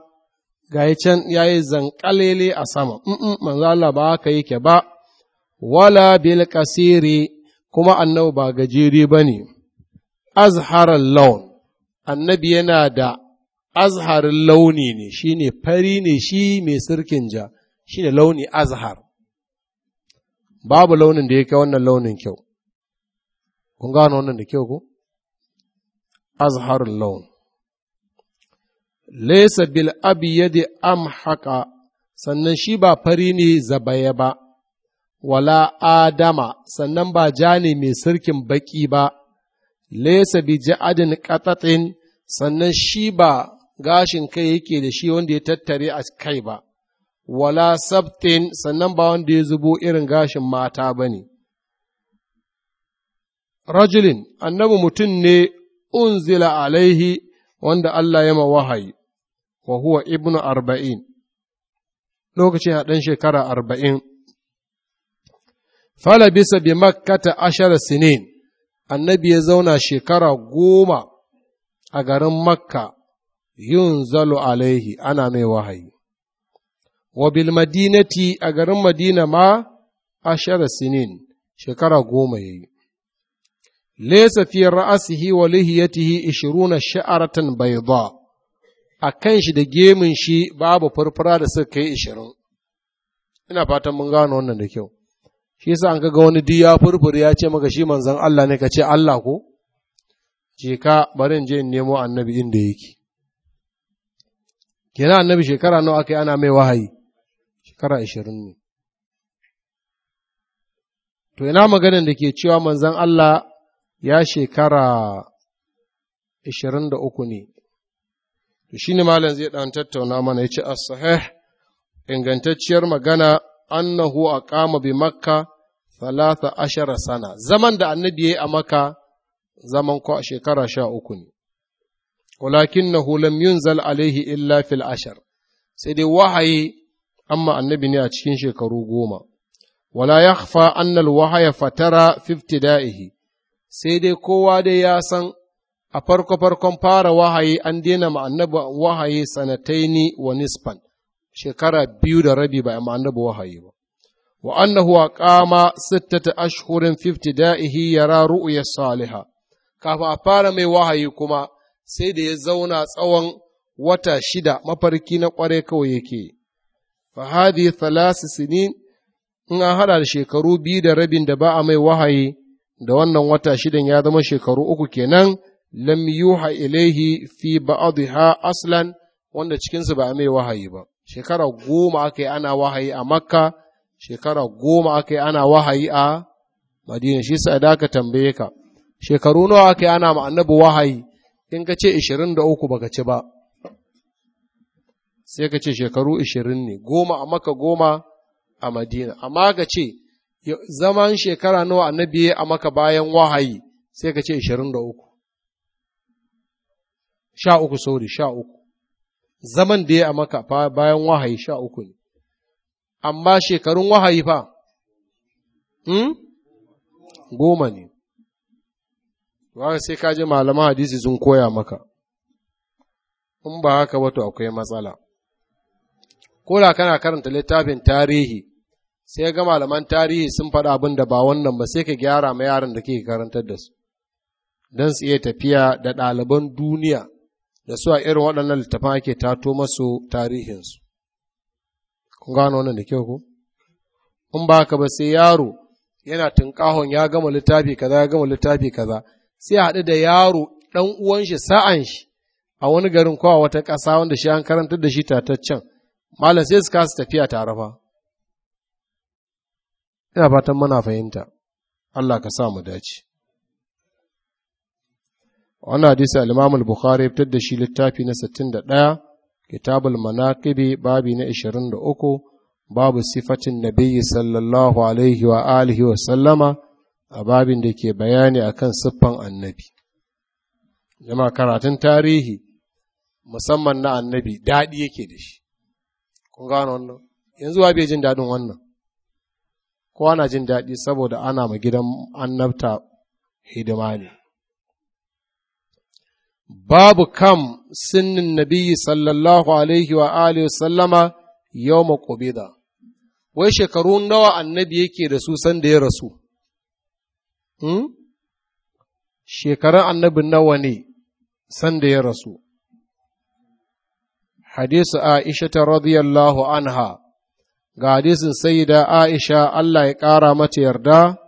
ga can ya yi zankalele a sama, manzo Allah ba haka yake ba. wala bil kasiri kuma annabi ba gajere ba ne azharar laun annabi yana da azharin launi ne shi ne fari ne shi mai sirkin ja shi ne launi azhar babu launin da ya kai wannan launin kyau kun gano wannan da kyau ko azharul laun laysa bil abyadi amhaqa sannan shi ba fari ne zabaya ba wala Adama, sannan ba ja ne mai sirkin baƙi ba, lesa bi adin ƙatatin, sannan shi ba gashin kai yake da shi wanda ya tattare a kai ba, wala sabtin, sannan ba wanda ya zubo irin gashin mata ba ne. Rajulin, annabi mutum ne, unzila alaihi, wanda Allah ya ma wahayi, wa huwa ibnu arba'in, lokacin a ɗan shekara arba'in. fala bisa bi makkata ashara sinin annabi ya zauna shekara goma a garin makka yun zalo alaihi ana mai wahayi wa bil madinati a garin madina ma ashara sinin shekara goma ya yi lesa fi ra'asihi wa lihiyatihi ishiruna sha'aratan bayda a kan shi da gemun shi babu furfura da suka kai ishirin ina fatan mun gano wannan da kyau shi yasa an kaga wani diya furfur ya ce maka shi manzon Allah ne ka ce Allah ko je ka bari in je in nemo annabi inda yake kenan annabi shekara nawa kai ana mai wahayi shekara ashirin ne to ina maganin da ke cewa manzon Allah ya shekara ashirin da uku ne to shine malam zai ɗan tattauna mana ya ce as-sahih ingantacciyar magana annahu aqama bi makka salasa ashara sana zaman da annabi ya yi a maka zaman ko a shekara sha uku ne walakin na lam yunzal alaihi illa fil ashar sai dai wahayi amma annabi ne a cikin shekaru goma wala ya anna al wahaya fatara fi ibtida'ihi sai dai kowa dai ya san a farko farkon fara wahayi an daina ma annabi wahayi sanataini wa nisfan shekara biyu da rabi ba ma annabi wahayi ba wa kama aqama sittata ashhurin fi ibtida'ihi yara ru'ya saliha kafin a fara mai wahayi kuma sai da ya zauna tsawon wata shida mafarki na kware kawai yake fa hadhihi thalath sinin in an hada da shekaru biyu da rabin da ba a mai wahayi da wannan wata shidan ya zama shekaru uku kenan lamyuha yuha ilaihi fi ba'dha aslan wanda cikinsu ba mai wahayi ba shekara goma aka ana wahayi a makka shekara goma aka yi ana wahayi a madina shi sa da aka tambaye ka shekaru nawa aka yi ana ma annabi wahayi in ka ce ishirin da uku baka ci ba sai ka ce shekaru ishirin ne goma a maka goma a madina amma ka ce zaman shekara nawa annabi ya a maka bayan wahayi sai ka ce ishirin da uku sha uku sauri sha uku zaman da ya a maka bayan wahayi sha uku ne amma shekarun wahayi fa hmm? goma ne wani sai ka je malaman hadisi sun koya maka in ba haka wato akwai matsala ko kana karanta littafin tarihi sai ga malaman tarihi sun faɗa abin da ba wannan ba sai ka gyara ma yaran da ke karantar da su don su iya tafiya da ɗaliban duniya da su a irin waɗannan littafin ake tato masu tarihinsu kun gano wannan da kyau ko in ba ka ba sai yaro yana tunkahon ya gama littafi kaza ya gama littafi kaza sai haɗu da yaro ɗan uwan shi sa'an shi a wani garin kowa wata ƙasa wanda shi an karantar da shi tataccen malam sai su kasa tafiya tare fa ina fatan muna fahimta Allah ka sa mu dace wannan hadisi al-Imam al-Bukhari ya fitar da shi littafi na 61 kitabul المناقب babi na 23 babu sifatin النبي صلى الله عليه wa sallama a babin da ke bayani akan siffan annabi karatun tarihi musamman na annabi daɗi yake da shi kun gano wannan yanzu wa bai jin daɗin wannan kowa na jin daɗi saboda ana ma gidan annabta hidima ne babu kam sinnin nabiyyi sallallahu alaihi wa alihi sallama yawma qubida wai shekaru nawa annabi yake da su san ya rasu hmm? shekarun annabi nawa ne san ya rasu hadisu aisha ta radiyallahu anha ga hadisin sayyida aisha Allah ya ƙara mata yarda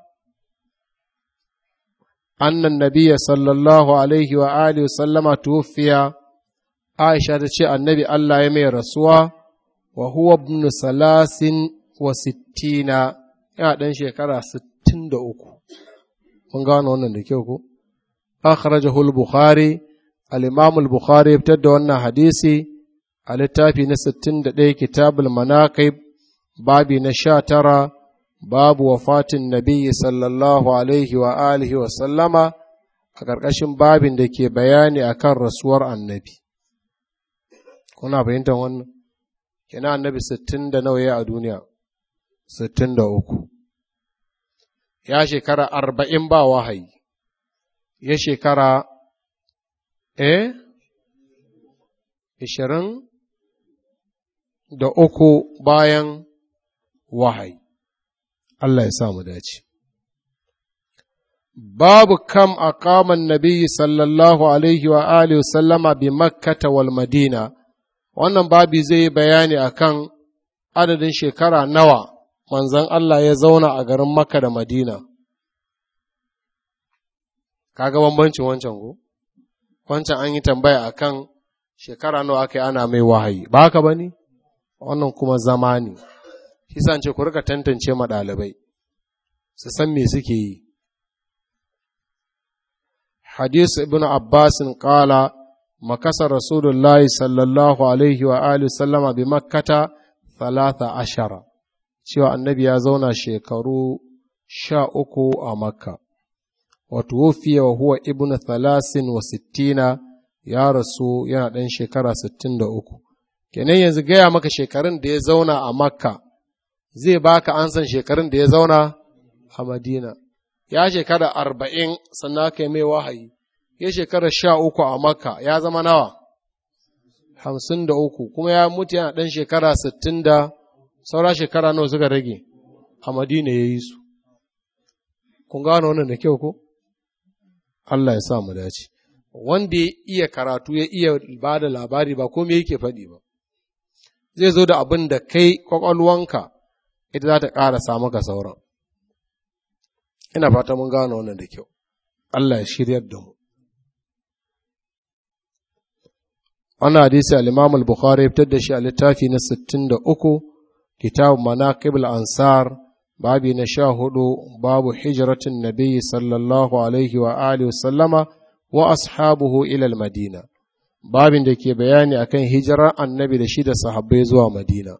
annan nabiya sallallahu alaihi wa sallama tuwfiya Aisha ta ce annabi Allah ya mai rasuwa wa huwa ibn salasin wa sittina ya dan shekara 63 mun gano wannan da kyau ko akhrajahu al-bukhari al bukhari ya fitar da wannan hadisi a littafi na 61 kitabul manaqib babi na tara. babu wafatin Nabiyyi sallallahu alaihi wa alihi wa sallama a ƙarƙashin babin da ke bayani akan rasuwar annabi kuna fahimtar wannan kina annabi sittin da nawa ya a duniya sittin da uku ya shekara arba'in ba wahayi ya shekara eh 20 da uku bayan wahayi Allah ya sa mu dace. Babu kam a kaman nabi sallallahu alaihi wa alihi sallama bi makkata wal madina, wannan babi zai yi bayani akan adadin shekara nawa manzan Allah ya zauna a garin Makka da Madina. Kaga bambancin wancan go? Wancan an yi tambaya akan shekara nawa aka yi ana mai wahayi, ba haka ba ne? Wannan kuma zama ne. Isan ce ku rika tantance ma ɗalibai, su san me suke yi. Hadisu Ibn Abbasin ƙala, makasa Rasulullahi sallallahu Alaihi wa Alihi sallama bi makkata talata ashara, cewa annabi ya zauna shekaru sha uku a makka. Wato wofiya wa huwa Ibn Thalasin wa sittina ya rasu yana ɗan shekara sittin da uku. Kenan yanzu gaya maka shekarun da ya zauna a makka zai baka ansan shekarun da ya zauna a Madina. Ya shekara arba'in sannan aka yi mai wahayi, ya shekara sha uku a Makka ya zama nawa? Hamsin da uku, kuma ya mutu yana ɗan shekara sittin da saura shekara nawa suka rage, a Madina ya yi su. Kun gano wannan da kyau ko? Allah ya sa mu dace. Wanda ya iya karatu ya iya ba da labari ba ko me yake faɗi ba. Zai zo da abin da kai kwakwalwanka. ita za ta samu ga sauran ina fata mun gano wannan da kyau Allah ya shiryar da mu wannan hadisi al-Imam al-Bukhari ya fitar da shi a littafi na 63 kitab manaqib al-ansar babi na 14 babu hijratin nabiy sallallahu alaihi wa alihi sallama wa ashabuhu ila al-madina babin da ke bayani akan hijira annabi da shi da sahabbai zuwa madina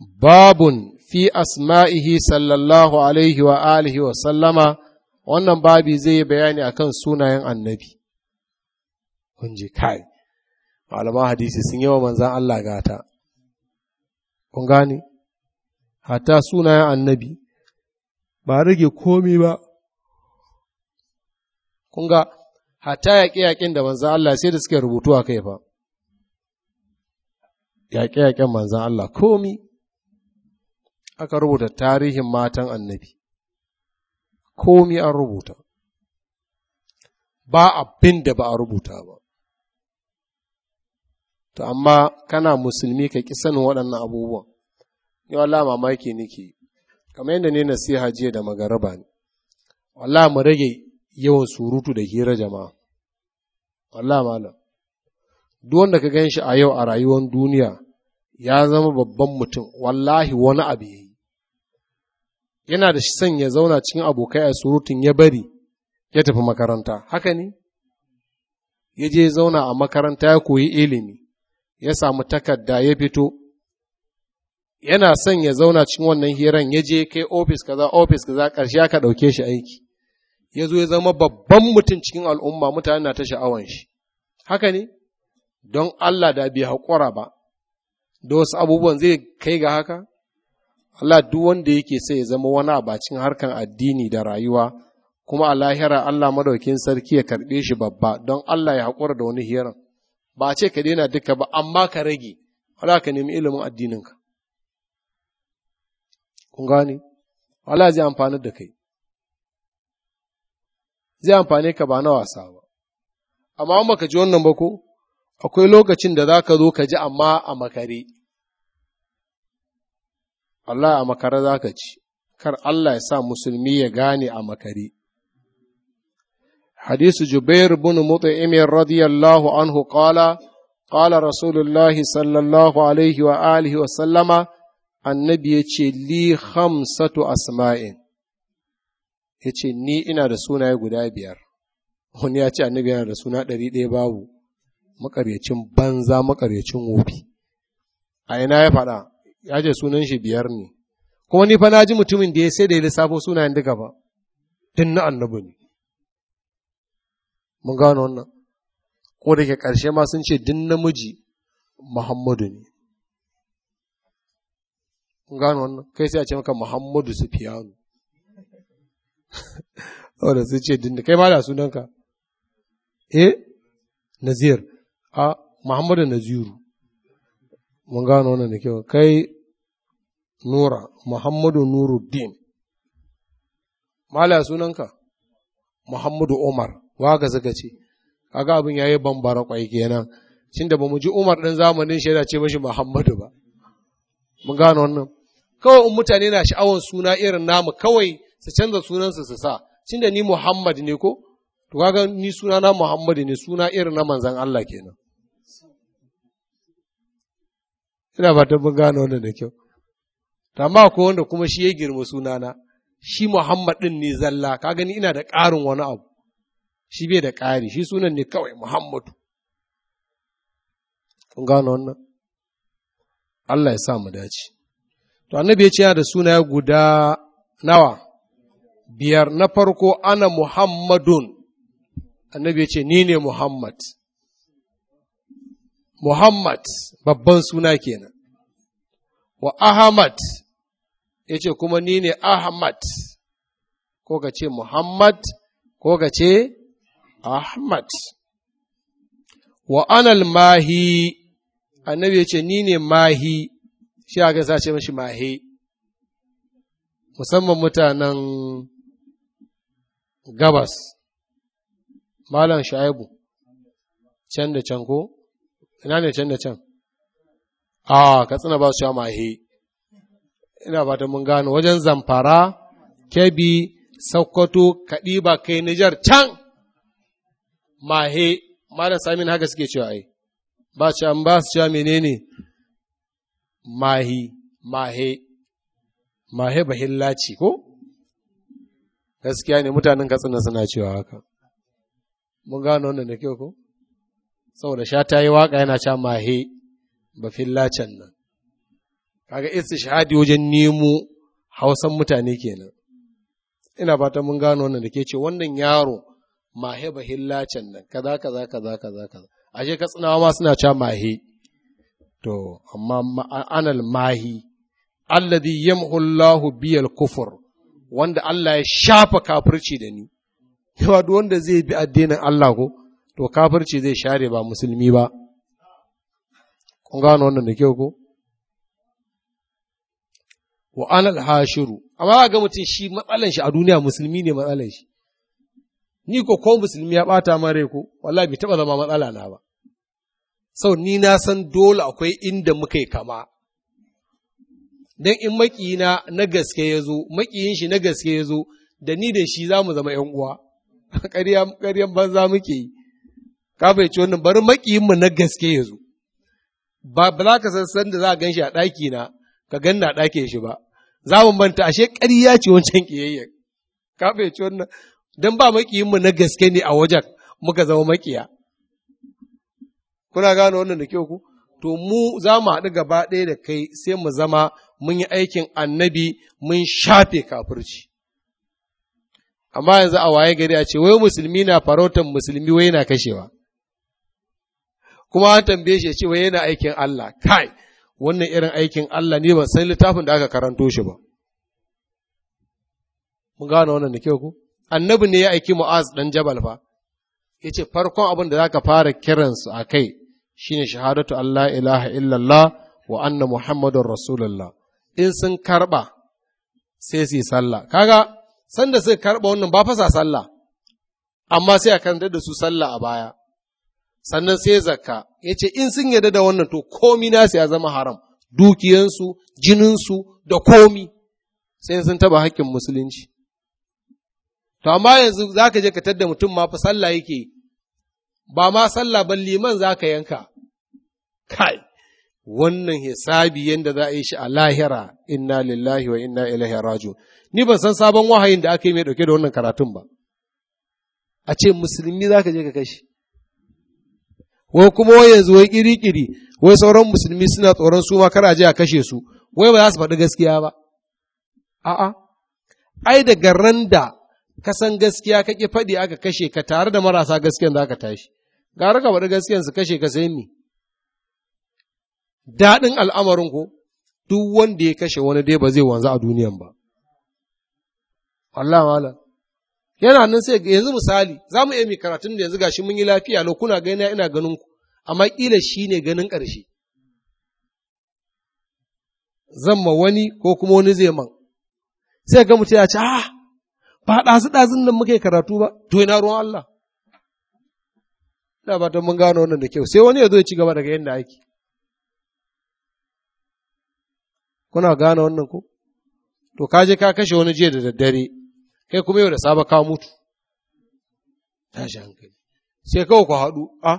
babun fi asma'ihi sallallahu alaihi wa alihi wa sallama wannan babi zai yi bayani akan sunayen annabi kun ji kai malaman hadisi sun yi wa manzan Allah gata kun gani hatta sunayen annabi ba rage komi ba kun ga hatta yaƙe-yaƙen da manzan Allah sai da suke rubutu a kai fa yaƙe-yaƙen manzan Allah komi aka rubuta tarihin matan annabi komi an rubuta ba abin da ba a rubuta ba to amma kana musulmi ka ƙi sanin waɗannan abubuwan yau Allah mamaki nake kamar yadda ne nasiha jiya da magaraba ne Allah mu rage yawan surutu da hira jama'a Allah malam duk wanda ka gan shi a yau a rayuwar duniya ya zama babban mutum wallahi wani abu yayi yana da son ya zauna cikin abokai a surutun ya bari ya tafi makaranta haka ne ya je zauna a makaranta ya koyi ilimi ya samu takarda ya fito yana son ya zauna cikin wannan hiran ya je kai ofis kaza ofis kaza ƙarshe aka ɗauke shi aiki ya zo ya zama babban mutum cikin al'umma mutane na ta sha'awan shi haka ne don Allah da bai haƙura ba da wasu abubuwan zai kai ga haka Allah duk wanda yake sai ya zama wani abacin harkan addini da rayuwa kuma a lahira Allah madaukin sarki ya karɓe shi babba don Allah ya haƙura da wani hiran ba a ce ka daina duka ba amma ka rage Allah ka nemi ilimin addininka kun gane Allah zai amfani da kai zai amfani ka ba na wasa ba amma an ka ji wannan ba ko akwai lokacin da za ka zo ka ji amma a makare Allah a makare za ka ci, kar Allah ya sa musulmi ya gane a makare. Hadisu jubairu bin Mutu Emir radiyallahu anhu kala, kala Rasulullah sallallahu alaihi wa alihi wa sallama, annabi ya ce, Li sato asma'in, ya ce, Ni ina da suna guda biyar, wani ya ce annabi yana da suna ɗari ɗaya babu, makaryacin banza, makaryacin wofi. A ina ya faɗa. ya ce sunan shi biyar ne kuma ni fa na ji mutumin da ya sai da ya lissafo sunayen duka ba din na annabi ne mun gano wannan ko da ke ƙarshe ma sun ce din namiji muhammadu ne mun gano wannan kai sai a ce maka muhammadu su sufiyanu wanda sun ce din kai ma da sunanka eh nazir a muhammadu naziru mun gano wannan da kyau kai nura muhammadu nuruddin mala sunanka muhammadu umar wa zaga ce kaga abin yayi bambara kwai kenan cin da bamu ji umar din zamanin shi yana ce mashi muhammadu ba mun gano wannan kawai in mutane na sha'awan suna irin namu kawai su canza sunansu su sa cin da ni muhammad ne ko to kaga ni suna na muhammadu ne suna irin na manzon Allah kenan ina ba mun gane wannan da kyau amma ko wanda kuma shi ya girma sunana shi Muhammad din ne zalla ka gani ina da ƙarin wani abu shi bai da ƙari shi sunan ne kawai Muhammadu kun gano wannan Allah ya sa mu dace to annabi ya ce yana da sunaya guda nawa biyar na farko ana Muhammadun annabi ya ce ni ne Muhammad Muhammad babban suna kenan, wa Ahmad ya ce kuma ni ne Ahmad, ko ka ce Muhammad, ko ka ce Ahmad. Wa anal mahi, annabi ya ce ni ne mahi, shi aka sace mashi mahi, musamman mutanen gabas, Malam Shaibu, can da can ko? ina ne can da can a katsina ba su sha mahe ina ba ta mun gano wajen zamfara kebi sokoto Kadiba kai nijar can mahe malam samin haka suke cewa ai ba su an ba su cewa menene mahi mahe mahe ba hillaci ko gaskiya ne mutanen katsina suna cewa haka mun gano wannan da kyau ko saboda sha ta yi waka yana sha mahe ba fillacen nan kaga istishhadi wajen nemo hausan mutane kenan ina fata mun gano wannan da ke ce wannan yaro mahe ba hillacen nan kaza kaza kaza kaza kaza ashe ka tsinawa ma suna cewa mahe to amma anal mahi alladhi yamhu Allahu biyal kufur wanda Allah ya shafa kafirci da ni yawa duk wanda zai bi addinin Allah ko to kafirci zai share ba musulmi ba kun gano wannan da kyau ko wa anal hashiru amma ga mutum shi matsalan shi a duniya musulmi ne matsalan shi ni ko ko musulmi ya bata mare ko wallahi bai taba zama matsala na ba sau ni na san dole akwai inda muka kama don in makiyina na gaske ya zo makiyin shi na gaske ya zo da ni da shi za mu zama ‘yan uwa, ƙaryan banza muke yi, ka fahimci wannan bari makiyin mu na gaske ya zo ba ba za ka san sanda za a gan shi a ɗaki na ka gan a ɗakin shi ba za mu manta ashe ƙarya ce wancan ƙiyayya ka fahimci wannan dan ba makiyin mu na gaske ne a wajen muka zama makiya kuna gane wannan da kyau ku to mu za mu haɗu gaba ɗaya da kai sai mu zama mun yi aikin annabi mun shafe kafirci amma yanzu a waye gari a ce wai musulmi na farautan musulmi wai na kashewa kuma an tambaye shi ya ce wai yana aikin Allah kai wannan irin aikin Allah ne ban san littafin da aka karanto shi ba mun gano wannan da ke ku annabi ne ya aiki mu'az dan jabal fa yace farkon abin da zaka fara kiransu a kai shine shahadatu Allah ilaha illallah wa anna muhammadun rasulullah in sun karba sai su yi sallah kaga sanda suka karba wannan ba fasa sallah amma sai a kan da su sallah a baya sannan sai zakka ya ce in sun yarda da wannan to komi nasu ya zama haram dukiyansu jininsu da komi sai sun taba hakkin musulunci to amma yanzu za ka je ka tadda mutum ma fa sallah yake ba ma sallah ban liman za ka yanka kai wannan hisabi yadda za a yi shi a lahira inna lillahi wa inna ilaihi raji'un ni ban san sabon wahayin da aka yi mai dauke da wannan karatun ba a ce musulmi za ka je ka kashi wai kuma wai yanzu wai kiri-kiri wai sauran musulmi suna tsoron su ma kar a kashe su wai ba za su faɗi gaskiya ba a'a ai daga ran da ka san gaskiya ƙi faɗi aka kashe ka tare da marasa gaskiyan da aka tashi gara ka faɗi gaskiyan su kashe ka sai ni daɗin al'amarin ko duk wanda ya kashe wani dai ba zai wanzu a duniyan ba Allah malam yana nan sai yanzu misali za mu iya mai karatun da yanzu gashi mun yi lafiya lau kuna gani ina ganin ku amma kila shi ne ganin ƙarshe zan ma wani ko kuma wani zai man sai ga mutum ya ce ah ba ɗazu ɗazun nan muka yi karatu ba to ina ruwan Allah da ba mun gano wannan da kyau sai wani ya zo ya ci gaba daga yadda ake kuna gano wannan ko to ka je ka kashe wani jiya da daddare kai kuma yau da saba kawo mutu tashi hankali sai kawai ku haɗu a ah,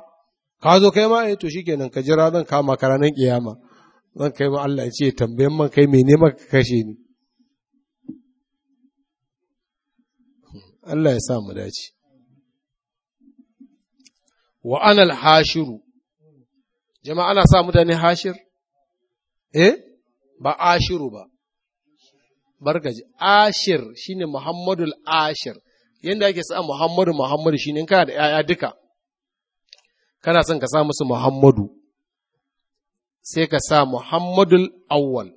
ka zo kai ma eh to shikenan ka jira zan kama ka kiyama zan kai ma Allah ya ce tambayen man kai mene maka kashe ni Allah ya sa mu dace wa anal hashiru jama'a ana sa mutane hashir eh ba ashiru ba barkaji ashir shine muhammadul ashir yanda ake sa muhammadu muhammadu shine in kana da yaya duka kana son ka sa musu muhammadu sai ka sa muhammadul awwal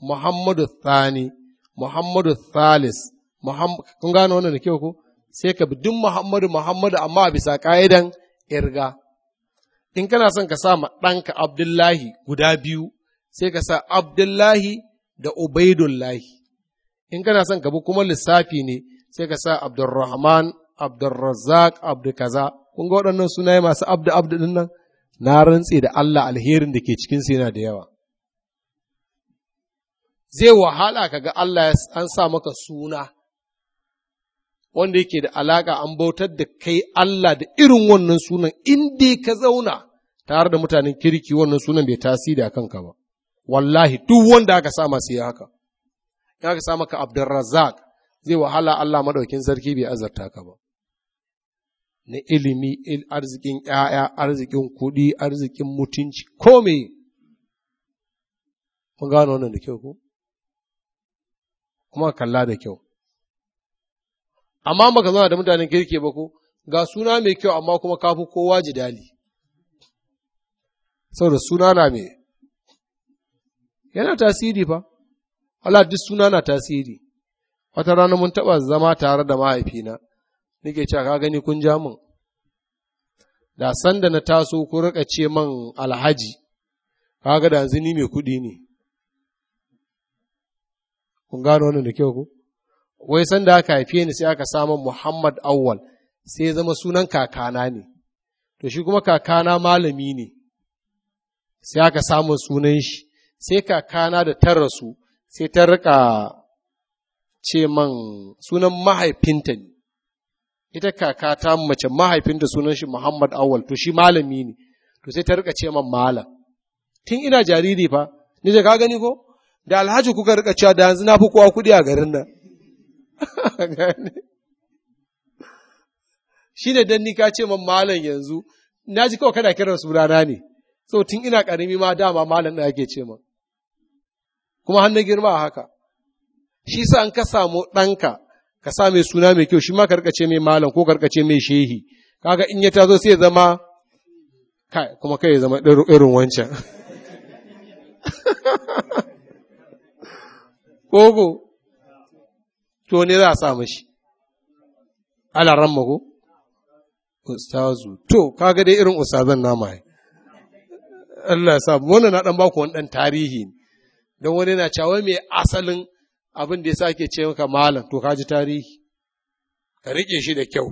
muhammadu thani muhammadu thalis kun gano wannan da kyau ko sai ka bi duk muhammadu muhammadu amma bisa ka'idan irga in kana son ka sa ma ɗanka abdullahi guda biyu sai ka sa abdullahi da ubaidullahi in kana son bi kuma lissafi ne sai ka sa abdurrahman abdurrazzaq abdu kaza kun ga waɗannan sunaye masu abdu abdu din nan na rantse da Allah alherin da ke cikin yana da yawa zai wahala ka ga Allah an sa maka suna wanda yake da alaka an bautar da kai Allah da irin wannan sunan in ka zauna tare da mutanen kirki wannan sunan bai tasiri a kanka ba wallahi duk wanda aka sa masu yi haka ya ka sa maka Abdulrazzaq zai wahala Allah madaukin sarki bai azarta ka ba na ilimi arzikin ƴaƴa arzikin kuɗi, arzikin mutunci, kome. Kun gano wannan da kyau ko? Kuma kalla da kyau. Amma baka zauna da mutanen kirki ba ko, ga suna mai kyau amma kuma kafi kowa ji dali Saboda suna na mai, yana tasiri fa. Allah duk suna na tasiri wata rana mun taɓa zama tare da mahaifina nake cewa ka gani kun ja mun da sanda na taso ku rika ce man alhaji kaga da yanzu ni mai kuɗi ne kun gano wannan da kyau ku wai sanda aka haife ni sai aka samu Muhammad Awwal sai zama sunan kakana ne to shi kuma kakana malami ne sai aka samu sunan shi sai kakana da tarasu. rasu sai ta rika ce man sunan mahaifinta ne ita kaka ta mace mahaifinta sunan shi Muhammad Awal to shi malami ne to sai ta rika ce man malam tun ina jariri fa ni ce ka gani ko da alhaji kuka rika cewa da yanzu na fi kowa kuɗi a garin nan shi ne dan ni ka ce man malam yanzu na ji kawai kana kiran sunana ne so tun ina ƙarami ma dama malam da ake ce man kuma hannun girma a haka shi sa an ka samu ɗanka ka sa mai suna mai kyau shi ma karkace mai malam ko karkace mai shehi kaga in ya tazo sai zama kai kuma kai zama irin wancan kogo to ne za a sa mashi ala ramma ko ustazu to kaga dai irin ustazan nama Allah ya sa wannan na dan baku wani dan tarihi ne don wani na cewa mai asalin abin da ya sake ce maka malam to kaji tarihi ka riƙe shi da kyau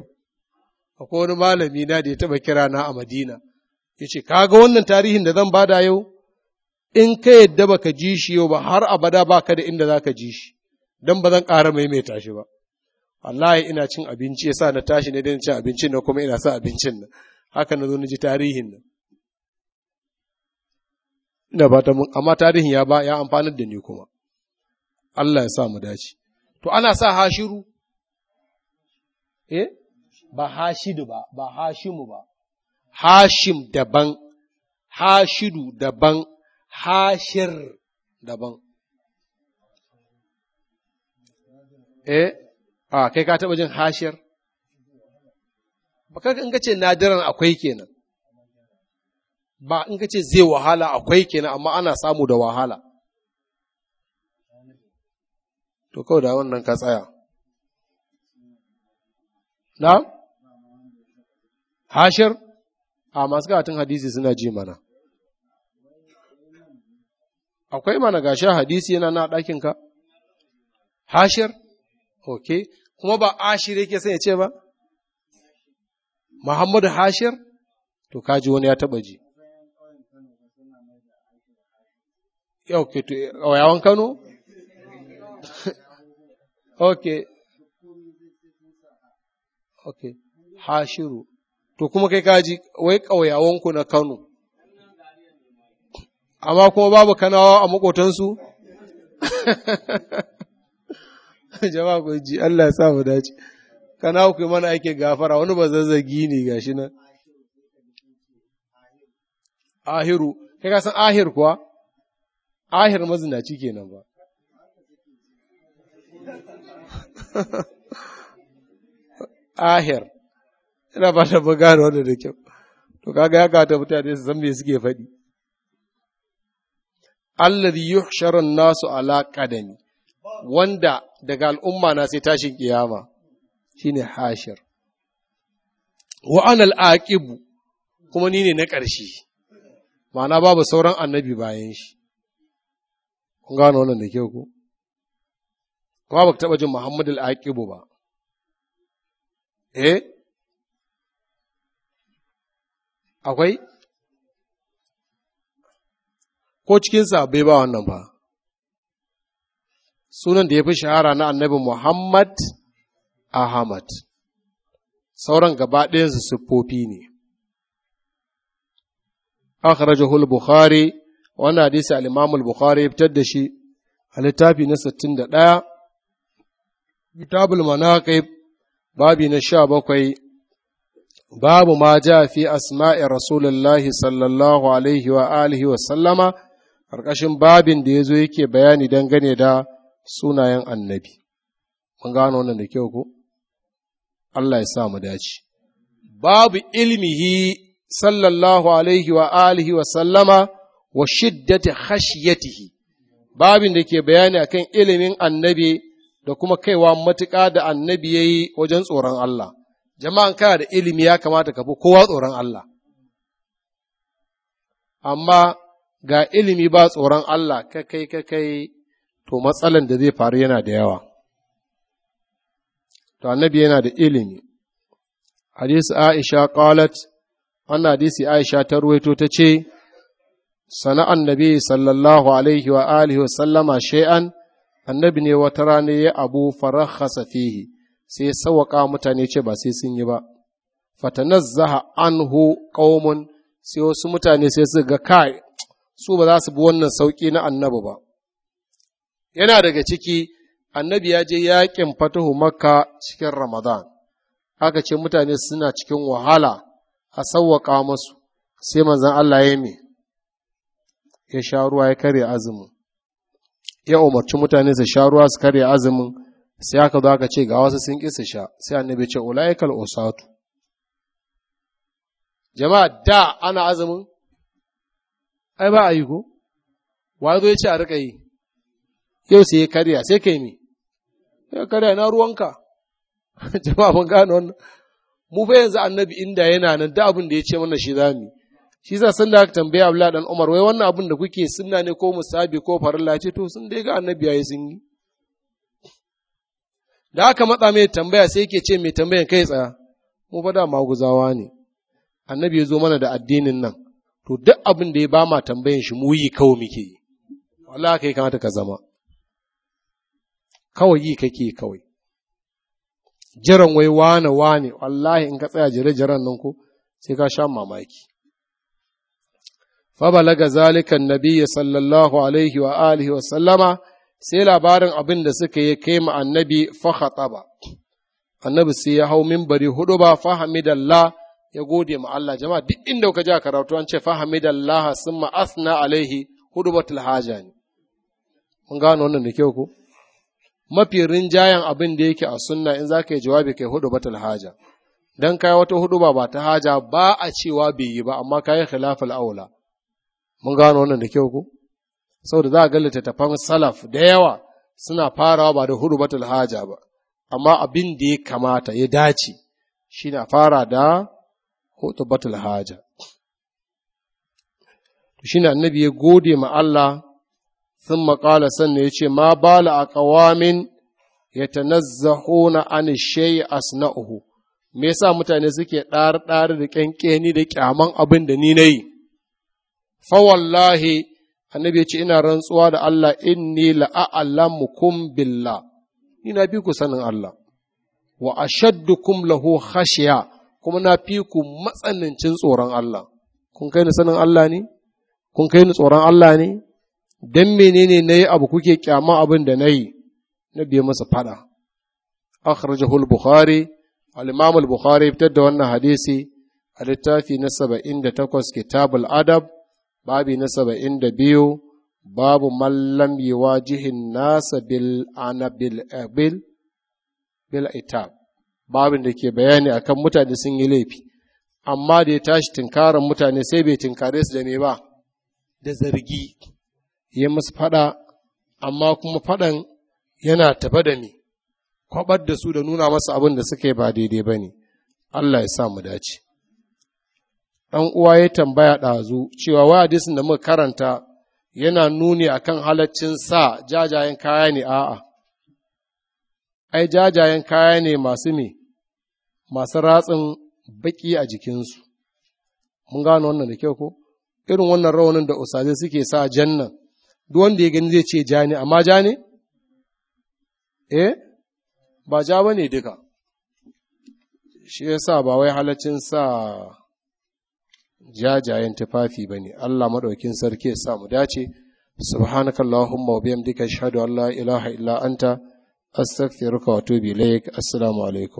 akwai wani malami na da ya taɓa kira na a madina ya ce kaga wannan tarihin da zan bada yau in ka yadda ba ka ji shi yau ba har abada ba ka da inda za ka ji shi don ba zan ƙara maimaita shi ba wallahi ina cin abinci ya sa na tashi ne don cin abincin na kuma ina sa abincin nan haka na zo na ji tarihin nan ina ba ta mun amma tarihin ya ba ya amfanar da ni kuma Allah ya sa mu dace to ana sa hashiru eh ba hashidu ba ba hashimu ba hashim daban hashidu daban hashir daban eh a kai ka taɓa jin hashir ba in ka ce nadiran akwai kenan ba in ka ce zai wahala akwai kenan amma ana samu da wahala to kawai da wannan ka tsaya na hashir a masu gatun hadisi suna ji mana akwai mana gashi hadisi yana na ɗakinka hashir ok kuma ba ashir yake sai ya ce ba muhammadu hashir to kaji wani ya taɓa ji ok to yawan Kano ok ok hashiru to kuma kai kaji wai ƙauyawanku na Kano amma kuma babu kanawa a makotansu jama'a ku ji Allah ya sa mu dace kana ku mana ake gafara wani ba zazzagi ne gashi nan ahiru kai ka san ahir kuwa ahir mazinaci kenan ba ahir yana ba ta gano wanda da kyau to kaga ya kata mutane su san suke faɗi allah yi sharon nasu ala qadami wanda daga al'umma na sai tashin shi shine hashir wa'an ana kuma ni ne na ƙarshe ma'ana babu sauran annabi bayan shi kun gano wannan da ke ku kuma ba taɓa jin muhammadu al'aƙibu ba eh akwai ko cikinsa bai ba wannan ba sunan da ya fi shahara na annabi muhammad ahmad sauran gaba ɗayansu siffofi ne akhrajahu al-bukhari wannan hadisi al-Imam al-Bukhari ya fitar da shi a littafi na 61 Kitabul Manaqib babi na 17 babu ma ja fi asma'i Rasulullah sallallahu alaihi wa alihi wa sallama karkashin babin da yazo yake bayani dangane da sunayen annabi mun gano wannan da kyau ko Allah ya sa mu dace babu ilmihi sallallahu alaihi wa alihi wa sallama wa shiddati khashyatihi babin da ke bayani akan ilimin annabi da kuma kaiwa matuƙa da annabi yayi wajen tsoron Allah jama'an kana da ilimi ya kamata ka fi kowa tsoron Allah amma ga ilimi ba tsoron Allah ka kai ka kai to matsalan da zai faru yana da yawa to annabi yana da ilimi hadisi Aisha qalat wannan hadisi Aisha ta ruwaito ta ce sana'an nabi sallallahu alaihi wa alihi sallama shay'an annabi ne wata rana ya abu farakhasa fihi sai sawaka mutane ce ba sai sun yi ba fatanazzaha anhu qaumun sai wasu mutane sai su ga kai su ba za su bi wannan sauki na annabi ba yana daga ciki annabi ya je yakin fatahu makka cikin ramadan aka ce mutane suna cikin wahala a sawwaka musu sai manzon Allah ya yi ya sha ruwa ya karya azumin ya umarci mutane su sha ruwa su karya azumin sai aka zo aka ce ga wasu sun ƙi su sha sai annabi ce ulaikal usatu jama'a da ana azumin ai ba a yi ko wa zo ya ce a rika yi yau sai ya karya sai kai mi ya karya na ruwanka jama'a mun gano wannan mu fa yanzu annabi inda yana nan da abin da ya ce mana shi zamu shi za sun da tambaya abu dan Umar wai wannan abin da kuke sunna ne ko musabi ko farilla ce to sun dai ga annabi yi sun yi da aka matsa mai tambaya sai yake ce mai tambayan kai tsaya mu fa da maguzawa ne annabi ya zo mana da addinin nan to duk abin da ya ba ma tambayan shi mu yi kawai muke yi wallahi kai kamata ka zama kawai yi kake kawai jiran wai wane wane wallahi in ka tsaya jire jiran nan ko sai ka sha mamaki fabalaga zalikan nabiyya sallallahu alaihi wa alihi wa sallama sai labarin abin da suka yi kai ma annabi fahataba annabi sai ya hau minbari hudu ba fahamidallah ya gode ma Allah jama'a duk inda ka ja karatu an ce fahamidallah summa asna alaihi hudu batul haja ne mun gano wannan da kyau ko mafi rinjayen abin da yake a sunna in zaka yi jawabi kai hudu batul haja dan kai wata hudu ba ta haja ba a cewa bai yi ba amma kai khilafal aula mun gano wannan da kyau ko saboda za a ga littattafan salaf da yawa suna farawa ba da hurubatul haja ba amma abin da ya kamata ya dace shi na fara da hutubatul haja shi na annabi ya gode ma Allah sun maƙala sannan ya ce ma bala a ƙawamin ya na an shay asna'uhu me yasa mutane suke ɗari-ɗari da ƙyanƙeni da ƙyaman abin da ni nayi fawallahi wallahi annabi ya ce ina rantsuwa da Allah inni la'a'lamukum billah ni na fi ku sanin Allah wa ashaddukum lahu khashiya kuma na fi ku matsanancin tsoron Allah kun kai ni sanin Allah ne kun kai ni tsoron Allah ne dan menene nayi abu kuke kyama abin da nayi na biye masa fada akhrajahu al-bukhari al-imam bukhari fitar da wannan hadisi a littafi na 78 kitab al-adab babi na saba'in da biyu babu mallam yi wajihin nasa bil ana bil abil eh, bil itab babin da ke bayani akan mutane sun yi laifi amma da ya tashi tunkarar mutane sai bai tinkare su da me ba da zargi ya musu fada amma kuma fadan yana tafa da me kwabar da su da nuna masa abin da suka yi ba daidai ba ne Allah ya sa mu dace ɗan uwa ya tambaya ɗazu cewa wa hadisin da muka karanta yana nuni akan halaccin sa jajayen kaya ne a'a ai jajayen kaya ne masu me masu ratsin baki a jikinsu mun gano wannan da kyau ko irin wannan rawanin da usazai suke sa jannan duk wanda ya gani zai ce ja ne amma ja ne eh ba ja bane duka shi yasa ba wai halaccin sa jajayen tufafi ba ne Allah maɗaukin sarki ya samu dace subhanakallahumma wa bihamdika ashhadu an la ilaha illa anta astaghfiruka wa atubu laik alaikum